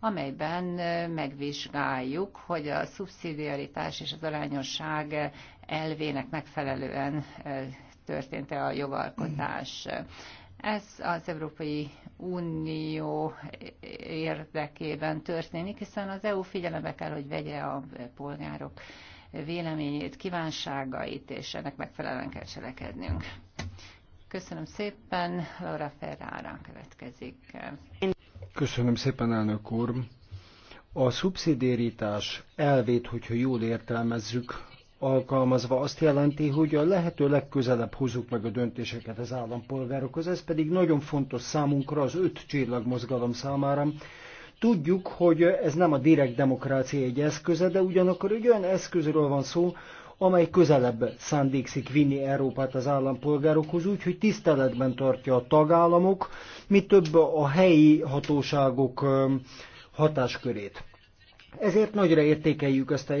amelyben megvizsgáljuk, hogy a szubszidiaritás és az arányosság elvének megfelelően történt-e a jogalkotás. Ez az Európai Unió érdekében történik, hiszen az EU figyelembe kell, hogy vegye a polgárok véleményét, kívánságait, és ennek megfelelően kell cselekednünk. Köszönöm szépen, Laura Ferrara következik. Köszönöm szépen, elnök úr. A szubszidéritás elvét, hogyha jól értelmezzük, alkalmazva azt jelenti, hogy a lehető legközelebb hozzuk meg a döntéseket az állampolgárokhoz. Ez pedig nagyon fontos számunkra, az öt csillagmozgalom számára. Tudjuk, hogy ez nem a direkt demokrácia egy eszköze, de ugyanakkor egy olyan eszközről van szó, amely közelebb szándékszik vinni Európát az állampolgárokhoz, úgyhogy tiszteletben tartja a tagállamok, mi több a helyi hatóságok hatáskörét. Ezért nagyra értékeljük ezt a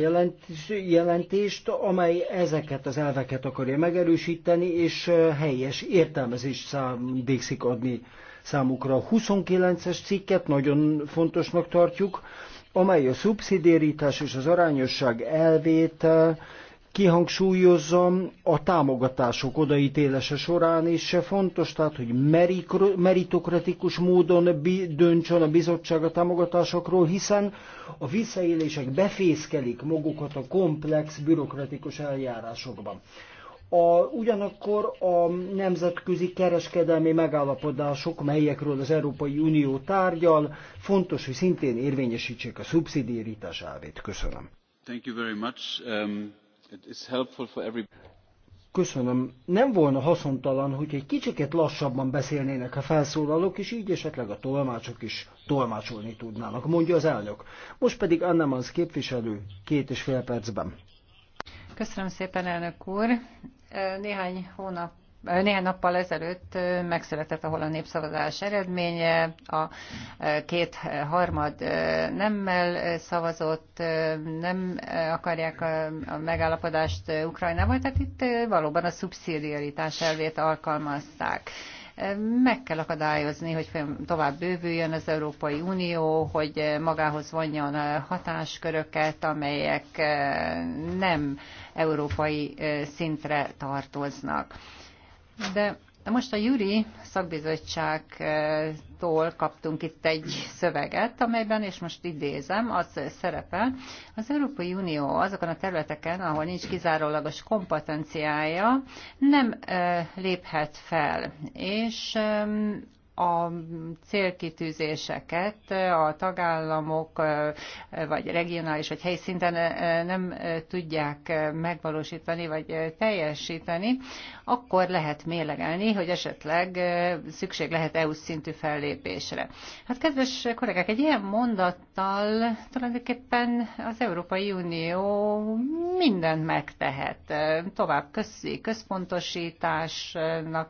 jelentést, amely ezeket az elveket akarja megerősíteni, és helyes értelmezést szándékszik adni számukra. A 29-es cikket nagyon fontosnak tartjuk, amely a szubszidiaritás és az arányosság elvét kihangsúlyozzam a támogatások odaítélese során is fontos, tehát hogy meritokratikus módon döntsön a bizottság a támogatásokról, hiszen a visszaélések befészkelik magukat a komplex bürokratikus eljárásokban. A, ugyanakkor a nemzetközi kereskedelmi megállapodások, melyekről az Európai Unió tárgyal, fontos, hogy szintén érvényesítsék a szubszidiaritás elvét. Köszönöm. Thank you very much. Um... Köszönöm. Nem volna haszontalan, hogy egy kicsiket lassabban beszélnének a felszólalók, és így esetleg a tolmácsok is tolmácsolni tudnának, mondja az elnök. Most pedig Annemans képviselő két és fél percben. Köszönöm szépen, elnök úr. Néhány hónap néhány nappal ezelőtt megszületett a holland népszavazás eredménye, a két harmad nemmel szavazott, nem akarják a megállapodást Ukrajnával, tehát itt valóban a szubszidiaritás elvét alkalmazták meg kell akadályozni, hogy tovább bővüljön az Európai Unió, hogy magához vonjon hatásköröket, amelyek nem európai szintre tartoznak. De most a Júri szakbizottságtól kaptunk itt egy szöveget, amelyben, és most idézem, az szerepel, az Európai Unió azokon a területeken, ahol nincs kizárólagos kompetenciája, nem léphet fel, és a célkitűzéseket a tagállamok vagy regionális vagy helyszinten nem tudják megvalósítani vagy teljesíteni, akkor lehet mérlegelni, hogy esetleg szükség lehet EU szintű fellépésre. Hát kedves kollégák, egy ilyen mondattal tulajdonképpen az Európai Unió mindent megtehet. Tovább köszi központosításnak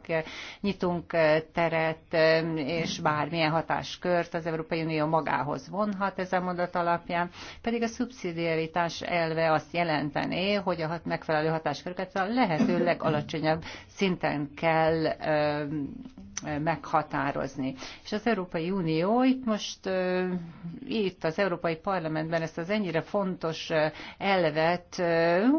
nyitunk teret, és bármilyen hatáskört az Európai Unió magához vonhat ezen mondat alapján, pedig a szubszidiaritás elve azt jelentené, hogy a megfelelő hatásköröket a lehető legalacsonyabb szinten kell meghatározni. És az Európai Unió itt most itt az Európai Parlamentben ezt az ennyire fontos elvet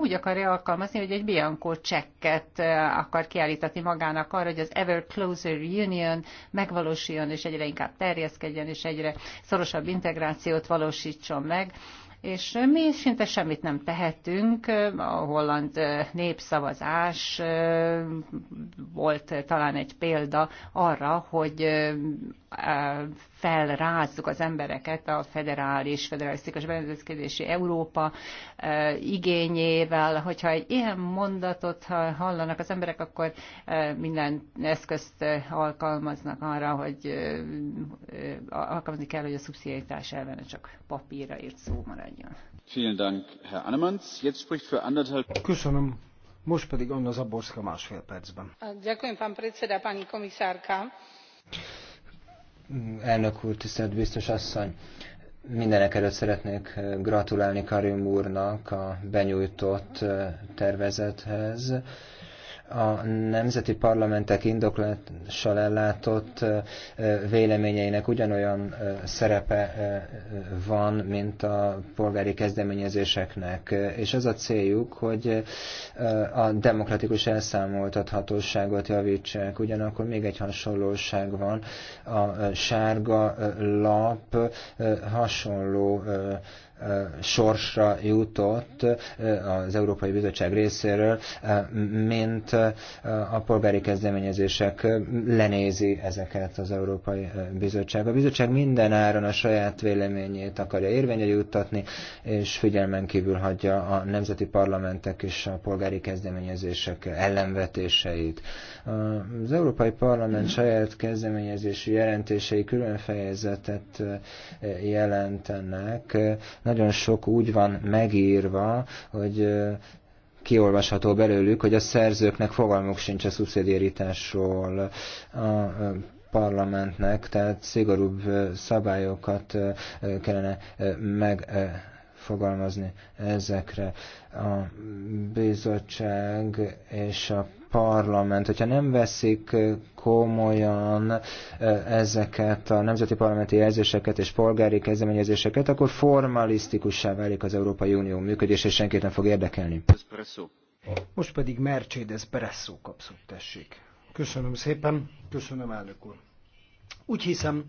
úgy akarja alkalmazni, hogy egy Bianco csekket akar kiállítani magának arra, hogy az Ever Closer Union megvalósuljon, és egyre inkább terjeszkedjen, és egyre szorosabb integrációt valósítson meg és mi szinte semmit nem tehetünk. A holland népszavazás volt talán egy példa arra, hogy felrázzuk az embereket a federális, federalisztikus berendezkedési Európa igényével. Hogyha egy ilyen mondatot hallanak az emberek, akkor minden eszközt alkalmaznak arra, hogy alkalmazni kell, hogy a szubszidiaritás ellene csak papírra írt szó maradjon. Köszönöm. Most pedig Anna Zaborska másfél percben. Köszönöm, pán predseda, pani komisárka elnök úr, tisztelt biztos asszony! Mindenek előtt szeretnék eh, gratulálni Karim úrnak a benyújtott eh, tervezethez a nemzeti parlamentek indoklással ellátott véleményeinek ugyanolyan szerepe van, mint a polgári kezdeményezéseknek. És az a céljuk, hogy a demokratikus elszámoltathatóságot javítsák. Ugyanakkor még egy hasonlóság van. A sárga lap hasonló sorsra jutott az Európai Bizottság részéről, mint a polgári kezdeményezések lenézi ezeket az Európai Bizottság. A bizottság minden áron a saját véleményét akarja érvényre juttatni, és figyelmen kívül hagyja a nemzeti parlamentek és a polgári kezdeményezések ellenvetéseit. Az Európai Parlament mhm. saját kezdeményezési jelentései külön fejezetet jelentenek, nagyon sok úgy van megírva, hogy kiolvasható belőlük, hogy a szerzőknek fogalmuk sincs a szubszidiaritásról. A parlamentnek, tehát szigorúbb szabályokat kellene megfogalmazni ezekre. A bizottság és a parlament. Hogyha nem veszik komolyan ezeket a nemzeti parlamenti jelzéseket és polgári kezdeményezéseket, akkor formalisztikussá válik az Európai Unió működés, és senkit nem fog érdekelni. Most pedig Mercedes Bresso kapszott, tessék. Köszönöm szépen, köszönöm elnök úr. Úgy hiszem,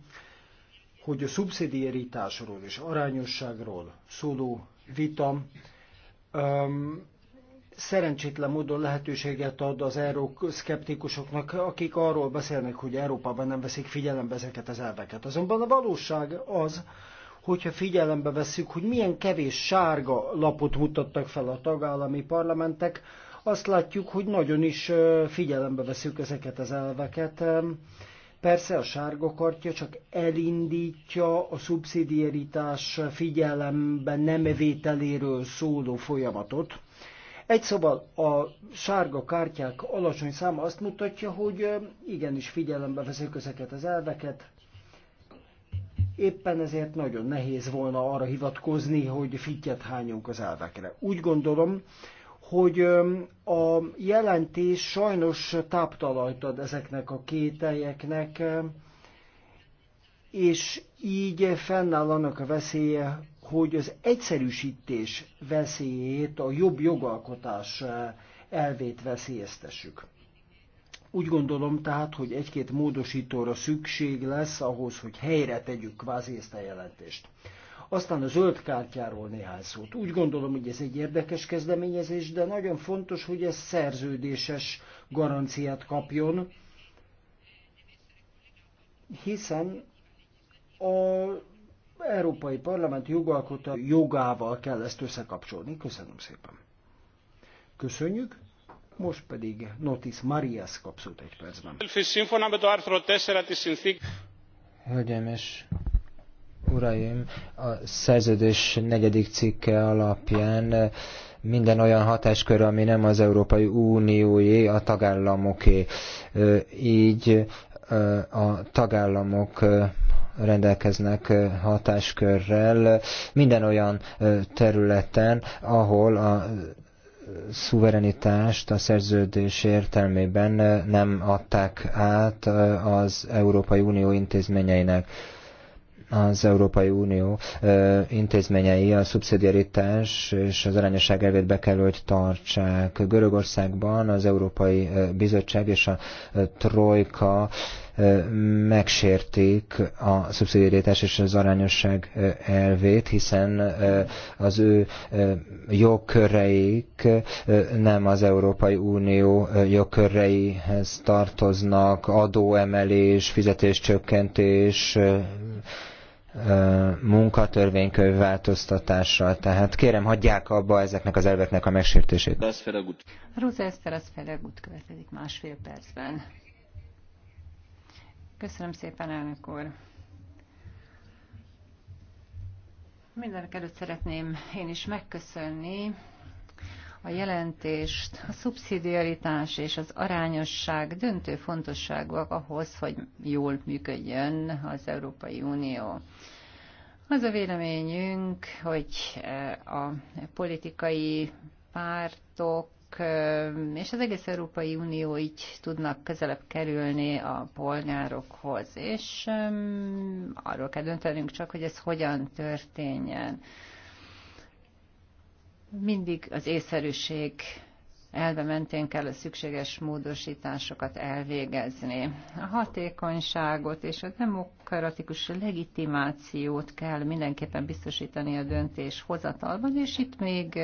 hogy a szubszidiaritásról és arányosságról szóló vita um, szerencsétlen módon lehetőséget ad az euroszkeptikusoknak, akik arról beszélnek, hogy Európában nem veszik figyelembe ezeket az elveket. Azonban a valóság az, hogyha figyelembe veszük, hogy milyen kevés sárga lapot mutattak fel a tagállami parlamentek, azt látjuk, hogy nagyon is figyelembe veszük ezeket az elveket. Persze a sárga kartja csak elindítja a szubszidiaritás figyelembe nem vételéről szóló folyamatot, egy szóval a sárga kártyák alacsony száma azt mutatja, hogy igenis figyelembe veszik ezeket az elveket. Éppen ezért nagyon nehéz volna arra hivatkozni, hogy fittyet hányunk az elvekre. Úgy gondolom, hogy a jelentés sajnos táptalajt ad ezeknek a kételjeknek, és így fennáll annak a veszélye, hogy az egyszerűsítés veszélyét, a jobb jogalkotás eh, elvét veszélyeztessük. Úgy gondolom tehát, hogy egy-két módosítóra szükség lesz ahhoz, hogy helyre tegyük kvázi ezt a jelentést. Aztán a zöld kártyáról néhány szót. Úgy gondolom, hogy ez egy érdekes kezdeményezés, de nagyon fontos, hogy ez szerződéses garanciát kapjon, hiszen a Európai Parlament jogalkotó jogával kell ezt összekapcsolni. Köszönöm szépen. Köszönjük. Most pedig Notis Marias kapszót egy percben. Hölgyeim és uraim, a szerződés negyedik cikke alapján minden olyan hatáskör, ami nem az Európai Uniói a tagállamoké. Így a tagállamok rendelkeznek hatáskörrel minden olyan területen, ahol a szuverenitást a szerződés értelmében nem adták át az Európai Unió intézményeinek. Az Európai Unió intézményei a szubszidiaritás és az arányosság elvét be kell, hogy tartsák. Görögországban az Európai Bizottság és a Trojka megsértik a szubszidiaritás és az arányosság elvét, hiszen az ő jogköreik nem az Európai Unió jogköreihez tartoznak, adóemelés, fizetéscsökkentés, munkatörvénykönyv változtatással. Tehát kérem, hagyják abba ezeknek az elveknek a megsértését. Ruth Eszter, az Felegut következik másfél percben. Köszönöm szépen, elnök úr. Mindenek előtt szeretném én is megköszönni a jelentést. A szubszidiaritás és az arányosság döntő fontosságúak ahhoz, hogy jól működjön az Európai Unió. Az a véleményünk, hogy a politikai pártok és az egész Európai Unió így tudnak közelebb kerülni a polgárokhoz, és arról kell döntenünk csak, hogy ez hogyan történjen. Mindig az észszerűség elve mentén kell a szükséges módosításokat elvégezni. A hatékonyságot és a demokratikus legitimációt kell mindenképpen biztosítani a döntés hozatalban, és itt még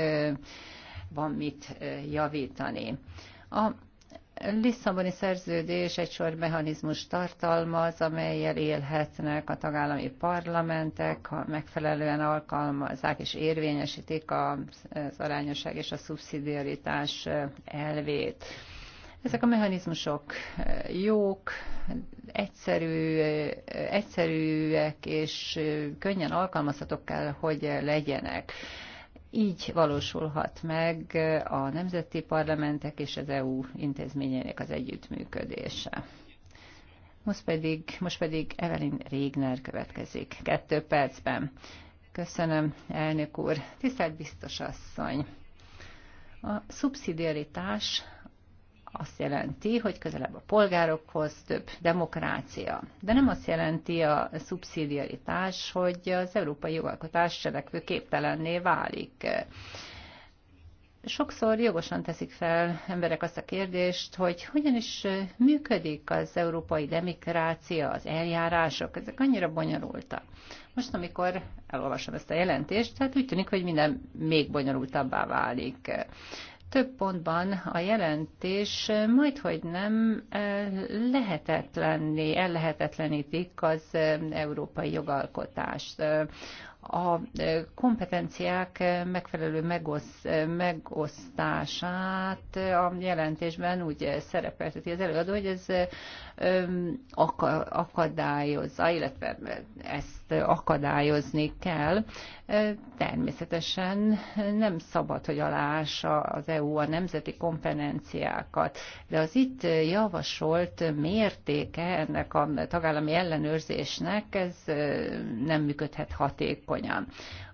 van mit javítani. A Lisszaboni szerződés egy sor mechanizmus tartalmaz, amelyel élhetnek a tagállami parlamentek, ha megfelelően alkalmazzák és érvényesítik az arányosság és a szubszidiaritás elvét. Ezek a mechanizmusok jók, egyszerű, egyszerűek és könnyen alkalmazhatók kell, hogy legyenek. Így valósulhat meg a nemzeti parlamentek és az EU intézményeinek az együttműködése. Most pedig, most pedig Evelyn Régner következik kettő percben. Köszönöm, elnök úr. Tisztelt biztos asszony! A szubszidiaritás azt jelenti, hogy közelebb a polgárokhoz, több demokrácia. De nem azt jelenti a szubszidiaritás, hogy az európai jogalkotás cselekvő képtelenné válik. Sokszor jogosan teszik fel emberek azt a kérdést, hogy hogyan is működik az európai demokrácia, az eljárások, ezek annyira bonyolultak. Most, amikor elolvasom ezt a jelentést, hát úgy tűnik, hogy minden még bonyolultabbá válik. Több pontban a jelentés majdhogy nem eh, lehetetlenné, ellehetetlenítik az eh, európai jogalkotást eh, a kompetenciák megfelelő megosz, megosztását a jelentésben úgy szerepelteti az előadó, hogy ez akadályozza, illetve ezt akadályozni kell. Természetesen nem szabad, hogy aláássa az EU a nemzeti kompetenciákat, de az itt javasolt mértéke ennek a tagállami ellenőrzésnek ez nem működhet hatékonyan.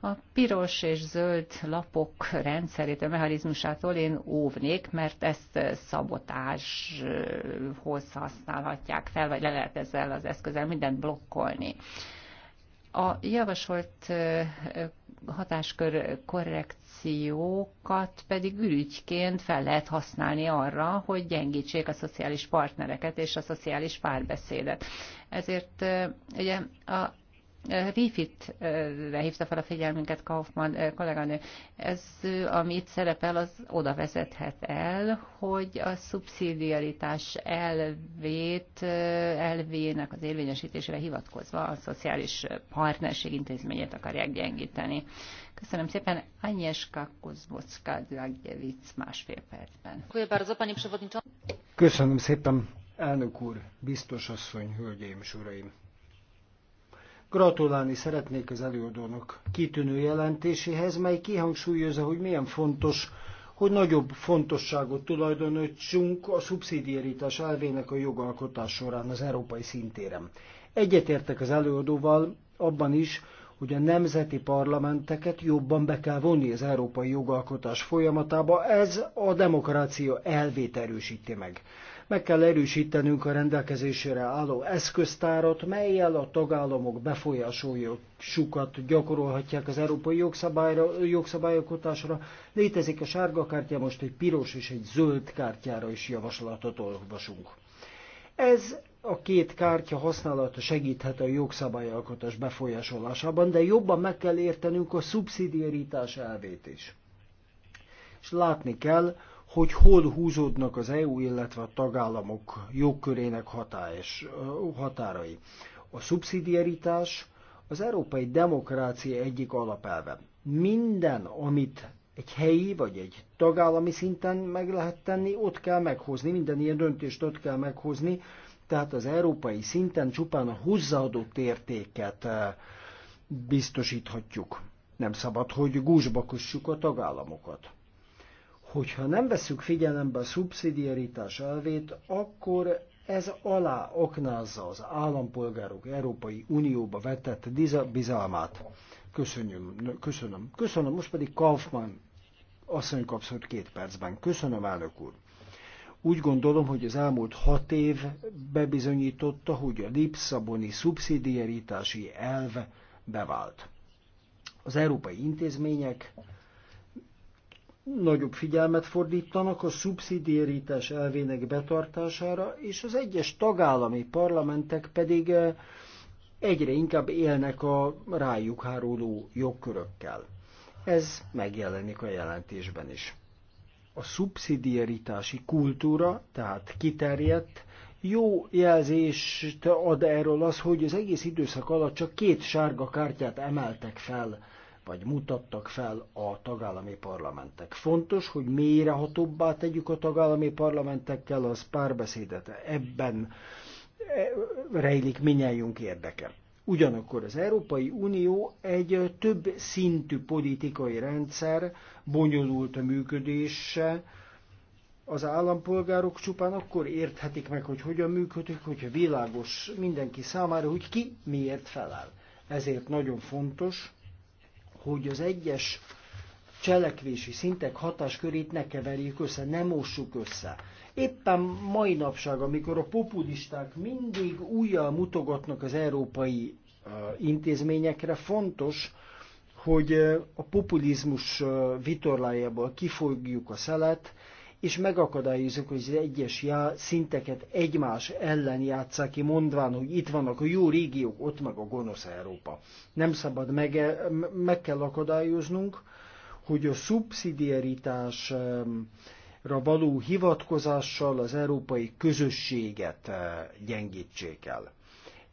A piros és zöld lapok rendszerét, a mechanizmusától én óvnék, mert ezt szabotáshoz használhatják tartják fel, vagy le lehet ezzel az eszközzel mindent blokkolni. A javasolt hatáskör korrekciókat pedig ürügyként fel lehet használni arra, hogy gyengítsék a szociális partnereket és a szociális párbeszédet. Ezért ugye a Rifit hívta fel a figyelmünket Kaufmann kolléganő. Ez, ami itt szerepel, az oda vezethet el, hogy a szubszidiaritás elvét, elvének az érvényesítésére hivatkozva a szociális partnerség intézményét akarják gyengíteni. Köszönöm szépen. Anyeska Kozbocka Dragjevic másfél percben. Köszönöm szépen, elnök úr, biztos asszony, hölgyeim és uraim. Gratulálni szeretnék az előadónak kitűnő jelentéséhez, mely kihangsúlyozza, hogy milyen fontos, hogy nagyobb fontosságot tulajdonítsunk a szubszidiaritás elvének a jogalkotás során az európai szintéren. Egyetértek az előadóval abban is, hogy a nemzeti parlamenteket jobban be kell vonni az európai jogalkotás folyamatába, ez a demokrácia elvét erősíti meg. Meg kell erősítenünk a rendelkezésére álló eszköztárat, melyel a tagállamok befolyásoljukat gyakorolhatják az európai jogszabályok jogszabályokotásra. Létezik a sárga kártya, most egy piros és egy zöld kártyára is javaslatot olvasunk. Ez a két kártya használata segíthet a jogszabályalkotás befolyásolásában, de jobban meg kell értenünk a szubszidiaritás elvét is. És látni kell, hogy hol húzódnak az EU, illetve a tagállamok jogkörének határai. A szubszidiaritás az európai demokrácia egyik alapelve. Minden, amit egy helyi vagy egy tagállami szinten meg lehet tenni, ott kell meghozni, minden ilyen döntést ott kell meghozni, tehát az európai szinten csupán a hozzáadott értéket eh, biztosíthatjuk. Nem szabad, hogy gúzsba kössük a tagállamokat. Hogyha nem veszük figyelembe a szubszidiaritás elvét, akkor ez alá oknázza az állampolgárok Európai Unióba vetett bizalmát. Köszönöm, köszönöm. Köszönöm, most pedig Kaufmann asszony kapszott két percben. Köszönöm, elnök úr. Úgy gondolom, hogy az elmúlt hat év bebizonyította, hogy a Lipszaboni szubszidiaritási elv bevált. Az európai intézmények nagyobb figyelmet fordítanak a szubszidiérítás elvének betartására, és az egyes tagállami parlamentek pedig eh, egyre inkább élnek a rájuk háruló jogkörökkel. Ez megjelenik a jelentésben is. A szubszidiaritási kultúra, tehát kiterjedt, jó jelzést ad erről az, hogy az egész időszak alatt csak két sárga kártyát emeltek fel vagy mutattak fel a tagállami parlamentek. Fontos, hogy mélyrehatóbbá tegyük a tagállami parlamentekkel az párbeszédet. Ebben e, rejlik minnyájunk érdeke. Ugyanakkor az Európai Unió egy több szintű politikai rendszer, bonyolult a működése, az állampolgárok csupán akkor érthetik meg, hogy hogyan működik, hogyha világos mindenki számára, hogy ki miért felel. Ezért nagyon fontos, hogy az egyes cselekvési szintek hatáskörét ne keverjük össze, ne mossuk össze. Éppen mai napság, amikor a populisták mindig újjal mutogatnak az európai intézményekre, fontos, hogy a populizmus vitorlájából kifogjuk a szelet, és megakadályozunk, hogy az egyes já- szinteket egymás ellen játsszák ki, mondván, hogy itt vannak a jó régiók, ott meg a gonosz Európa. Nem szabad, meg, meg kell akadályoznunk, hogy a szubszidiaritásra való hivatkozással az európai közösséget eh, gyengítsék el.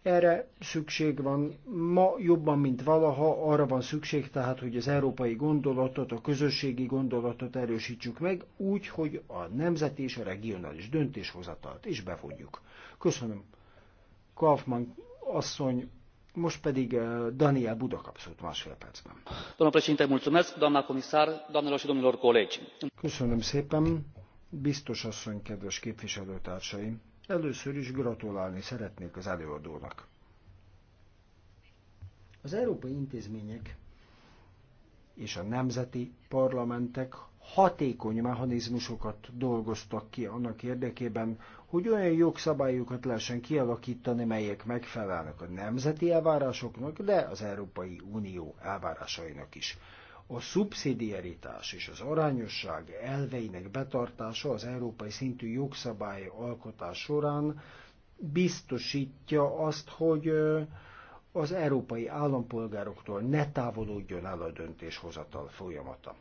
Erre szükség van ma jobban, mint valaha, arra van szükség tehát, hogy az európai gondolatot, a közösségi gondolatot erősítsük meg, úgy, hogy a nemzeti és a regionális döntéshozatalt is befogjuk. Köszönöm. Kaufmann asszony, most pedig eh, Daniel Budakapszót másfél percben. Köszönöm szépen, biztos asszony, kedves képviselőtársaim. Először is gratulálni szeretnék az előadónak. Az európai intézmények és a nemzeti parlamentek hatékony mechanizmusokat dolgoztak ki annak érdekében, hogy olyan jogszabályokat lehessen kialakítani, melyek megfelelnek a nemzeti elvárásoknak, de az Európai Unió elvárásainak is. A szubszidiaritás és az arányosság elveinek betartása az európai szintű jogszabály alkotás során biztosítja azt, hogy az európai állampolgároktól ne távolodjon el a döntéshozatal folyamata.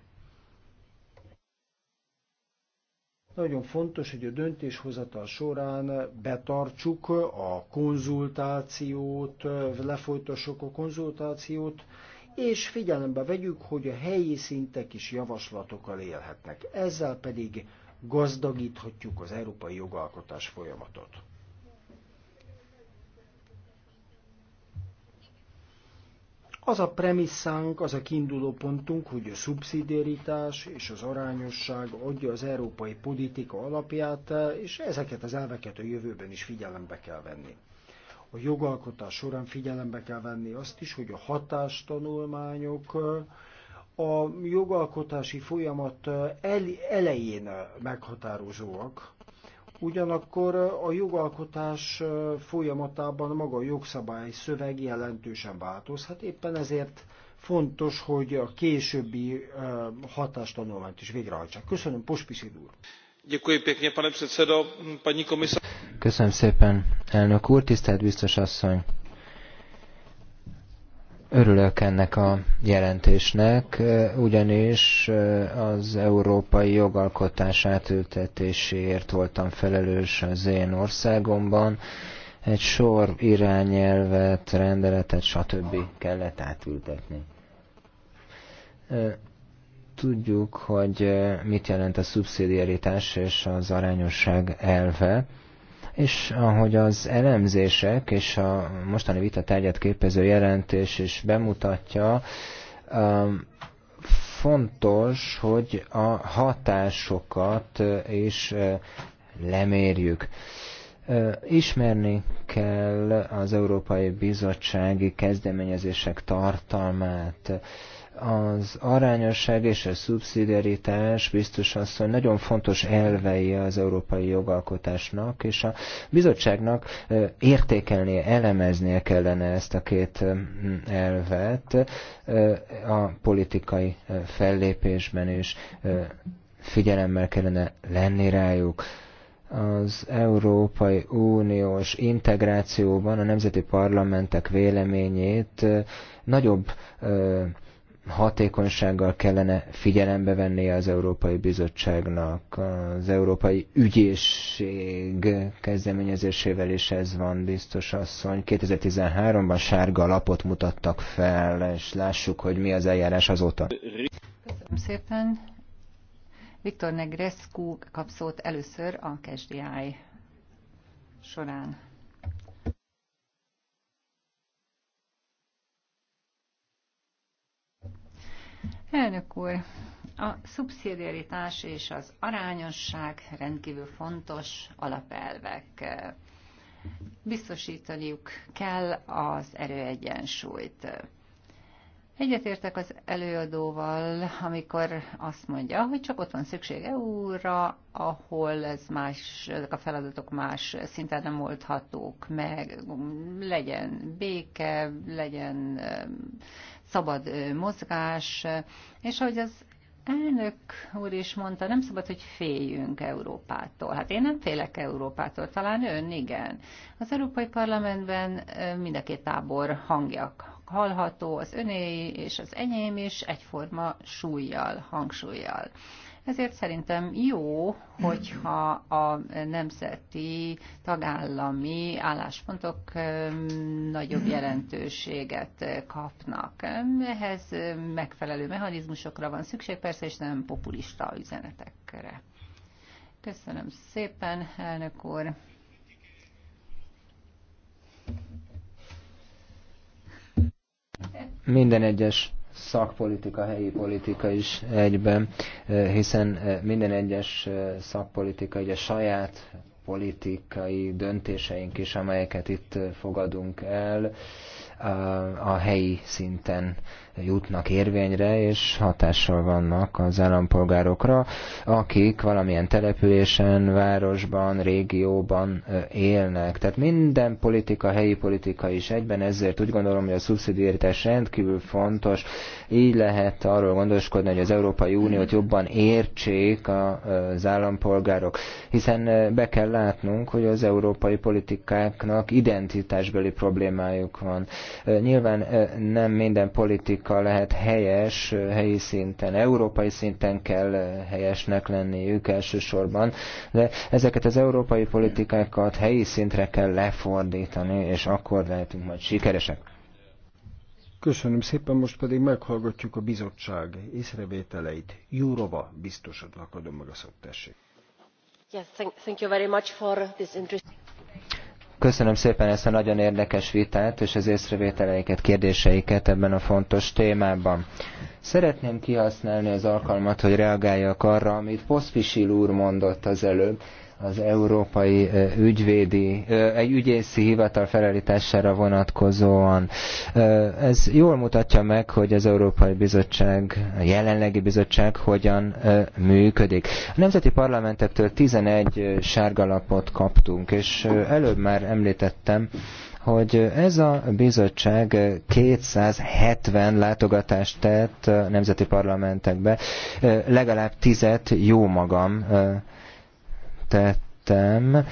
Nagyon fontos, hogy a döntéshozatal során betartsuk a konzultációt, lefolytassuk a konzultációt, és figyelembe vegyük, hogy a helyi szintek is javaslatokkal élhetnek. Ezzel pedig gazdagíthatjuk az európai jogalkotás folyamatot. Az a premisszánk, az a kiinduló pontunk, hogy a szubszidiaritás és az arányosság adja az európai politika alapját, és ezeket az elveket a jövőben is figyelembe kell venni a jogalkotás során figyelembe kell venni azt is, hogy a hatástanulmányok a jogalkotási folyamat elején meghatározóak, Ugyanakkor a jogalkotás folyamatában maga a jogszabály szöveg jelentősen változhat, éppen ezért fontos, hogy a későbbi hatástanulmányt is végrehajtsák. Köszönöm, Pospisid úr! köszönöm szépen elnök úr tisztelt biztos asszony örülök ennek a jelentésnek ugyanis az európai jogalkotás átültetéséért voltam felelős az én országomban egy sor irányelvet rendeletet stb. kellett átültetni Tudjuk, hogy eh, mit jelent a szubszidiaritás és az arányosság elve, és ahogy az elemzések és a mostani vita tárgyat képező jelentés is bemutatja, um, fontos, hogy a hatásokat eh, is eh, lemérjük. Ismerni kell az Európai Bizottsági kezdeményezések tartalmát, az arányosság és a szubszidiaritás biztos hogy nagyon fontos elvei az európai jogalkotásnak, és a bizottságnak értékelnie, elemeznie kellene ezt a két elvet a politikai fellépésben is figyelemmel kellene lenni rájuk az Európai Uniós integrációban a nemzeti parlamentek véleményét nagyobb hatékonysággal kellene figyelembe venni az Európai Bizottságnak. Az Európai Ügyészség kezdeményezésével is ez van, biztos asszony. 2013-ban sárga lapot mutattak fel, és lássuk, hogy mi az eljárás azóta. Köszönöm szépen. Viktor Negrescu kap szót először a KSDI során. Elnök úr, a szubszidiaritás és az arányosság rendkívül fontos alapelvek. Biztosítaniuk kell az erőegyensúlyt. Egyetértek az előadóval, amikor azt mondja, hogy csak ott van szükség EU-ra, ahol ez más, ezek a feladatok más szinten nem oldhatók meg, legyen béke, legyen szabad mozgás, és ahogy az elnök úr is mondta, nem szabad, hogy féljünk Európától. Hát én nem félek Európától, talán ön igen. Az Európai Parlamentben mind a két tábor hangja hallható, az öné és az enyém is egyforma súlyjal, hangsúlyjal. Ezért szerintem jó, hogyha a nemzeti tagállami álláspontok nagyobb jelentőséget kapnak. Ehhez megfelelő mechanizmusokra van szükség, persze, és nem populista üzenetekre. Köszönöm szépen, elnök úr! Minden egyes szakpolitika, helyi politika is egyben, hiszen minden egyes szakpolitika ugye saját politikai döntéseink is, amelyeket itt fogadunk el, a helyi szinten jutnak érvényre, és hatással vannak az állampolgárokra, akik valamilyen településen, városban, régióban élnek. Tehát minden politika, helyi politika is egyben, ezért úgy gondolom, hogy a szubszidiaritás rendkívül fontos. Így lehet arról gondoskodni, hogy az Európai Uniót jobban értsék az állampolgárok, hiszen be kell látnunk, hogy az európai politikáknak identitásbeli problémájuk van. Nyilván nem minden politika politika lehet helyes helyi szinten, európai szinten kell helyesnek lenniük elsősorban, de ezeket az európai politikákat helyi szintre kell lefordítani, és akkor lehetünk majd sikeresek. Köszönöm szépen, most pedig meghallgatjuk a bizottság észrevételeit. Júrova biztosodnak adom meg a szót, tessék. Yes, thank, thank you very much for this interesting... Köszönöm szépen ezt a nagyon érdekes vitát és az észrevételeiket, kérdéseiket ebben a fontos témában. Szeretném kihasználni az alkalmat, hogy reagáljak arra, amit Poszpisil úr mondott az előbb az Európai Ügyvédi, egy ügyészi hivatal felállítására vonatkozóan. Ez jól mutatja meg, hogy az Európai Bizottság, a jelenlegi bizottság hogyan működik. A nemzeti parlamentektől 11 sárgalapot kaptunk, és előbb már említettem, hogy ez a bizottság 270 látogatást tett nemzeti parlamentekbe, legalább tizet jó magam tettem,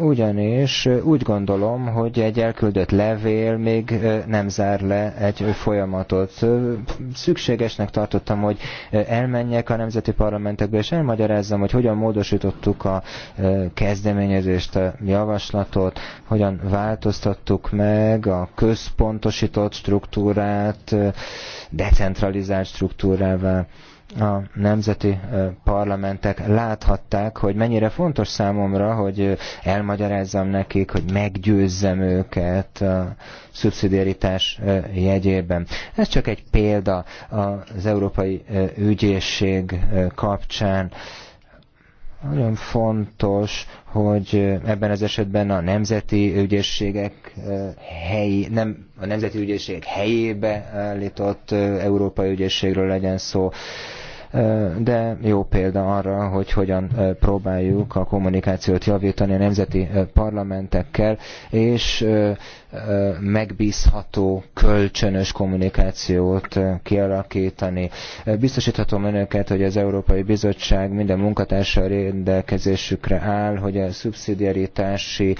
ugyanis úgy gondolom, hogy egy elküldött levél még nem zár le egy folyamatot. Szükségesnek tartottam, hogy elmenjek a nemzeti parlamentekbe, és elmagyarázzam, hogy hogyan módosítottuk a kezdeményezést, a javaslatot, hogyan változtattuk meg a központosított struktúrát, decentralizált struktúrával a nemzeti parlamentek láthatták, hogy mennyire fontos számomra, hogy elmagyarázzam nekik, hogy meggyőzzem őket a szubszidiaritás jegyében. Ez csak egy példa az Európai Ügyészség kapcsán. Nagyon fontos, hogy ebben az esetben a nemzeti ügyészségek helyi, nem a nemzeti ügyészségek helyébe állított európai ügyészségről legyen szó de jó példa arra, hogy hogyan próbáljuk a kommunikációt javítani a nemzeti parlamentekkel, és megbízható, kölcsönös kommunikációt kialakítani. Biztosíthatom önöket, hogy az Európai Bizottság minden munkatársa rendelkezésükre áll, hogy a szubszidiaritási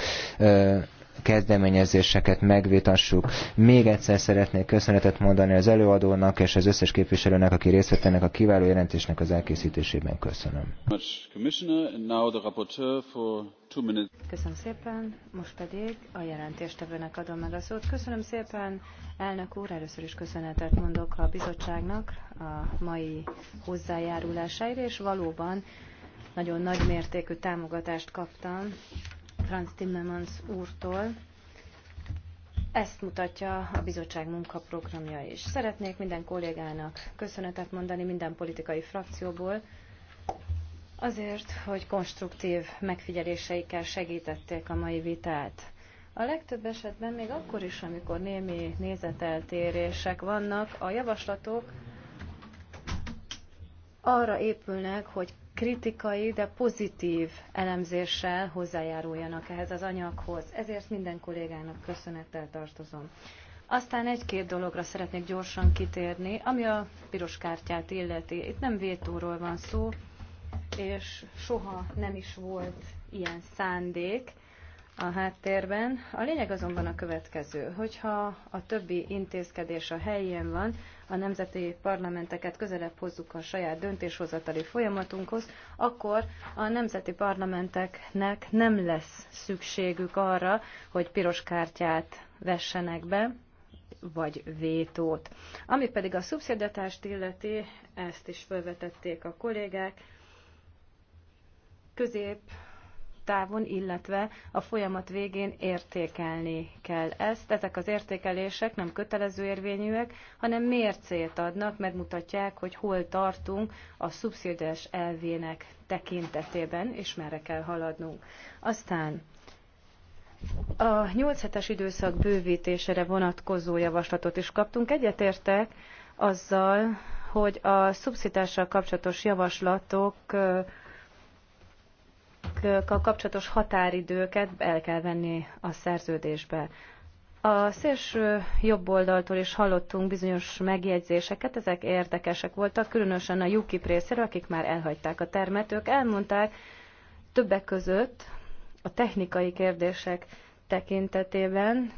kezdeményezéseket megvitassuk. Még egyszer szeretnék köszönetet mondani az előadónak és az összes képviselőnek, aki részt vett ennek a kiváló jelentésnek az elkészítésében. Köszönöm. Köszönöm szépen, most pedig a jelentéstevőnek adom meg a szót. Köszönöm szépen, elnök úr, először is köszönetet mondok a bizottságnak a mai hozzájárulásáért, és valóban nagyon nagy mértékű támogatást kaptam Franz Timmermans úrtól. Ezt mutatja a bizottság munkaprogramja is. Szeretnék minden kollégának köszönetet mondani minden politikai frakcióból, azért, hogy konstruktív megfigyeléseikkel segítették a mai vitát. A legtöbb esetben még akkor is, amikor némi nézeteltérések vannak, a javaslatok arra épülnek, hogy kritikai, de pozitív elemzéssel hozzájáruljanak ehhez az anyaghoz. Ezért minden kollégának köszönettel tartozom. Aztán egy-két dologra szeretnék gyorsan kitérni, ami a piros kártyát illeti. Itt nem vétóról van szó, és soha nem is volt ilyen szándék a háttérben. A lényeg azonban a következő, hogyha a többi intézkedés a helyén van, a nemzeti parlamenteket közelebb hozzuk a saját döntéshozatali folyamatunkhoz, akkor a nemzeti parlamenteknek nem lesz szükségük arra, hogy piros kártyát vessenek be, vagy vétót. Ami pedig a szubszidatást illeti, ezt is felvetették a kollégák, közép távon, illetve a folyamat végén értékelni kell ezt. Ezek az értékelések nem kötelező érvényűek, hanem mércét adnak, megmutatják, hogy hol tartunk a szubszidás elvének tekintetében, és merre kell haladnunk. Aztán a 8 hetes időszak bővítésére vonatkozó javaslatot is kaptunk. Egyetértek azzal, hogy a szubszitással kapcsolatos javaslatok kritériumokkal kapcsolatos határidőket el kell venni a szerződésbe. A szélső jobb oldaltól is hallottunk bizonyos megjegyzéseket, ezek érdekesek voltak, különösen a UKIP részéről, akik már elhagyták a termet. Ők elmondták többek között a technikai kérdések tekintetében,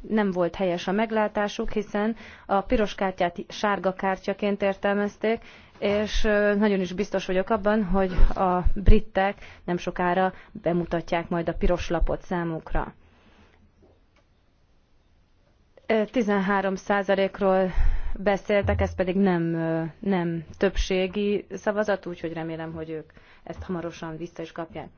nem volt helyes a meglátásuk, hiszen a piros kártyát sárga kártyaként értelmezték, és nagyon is biztos vagyok abban, hogy a britek nem sokára bemutatják majd a piros lapot számukra. 13%-ról beszéltek, ez pedig nem, nem többségi szavazat, úgyhogy remélem, hogy ők ezt hamarosan vissza is kapják.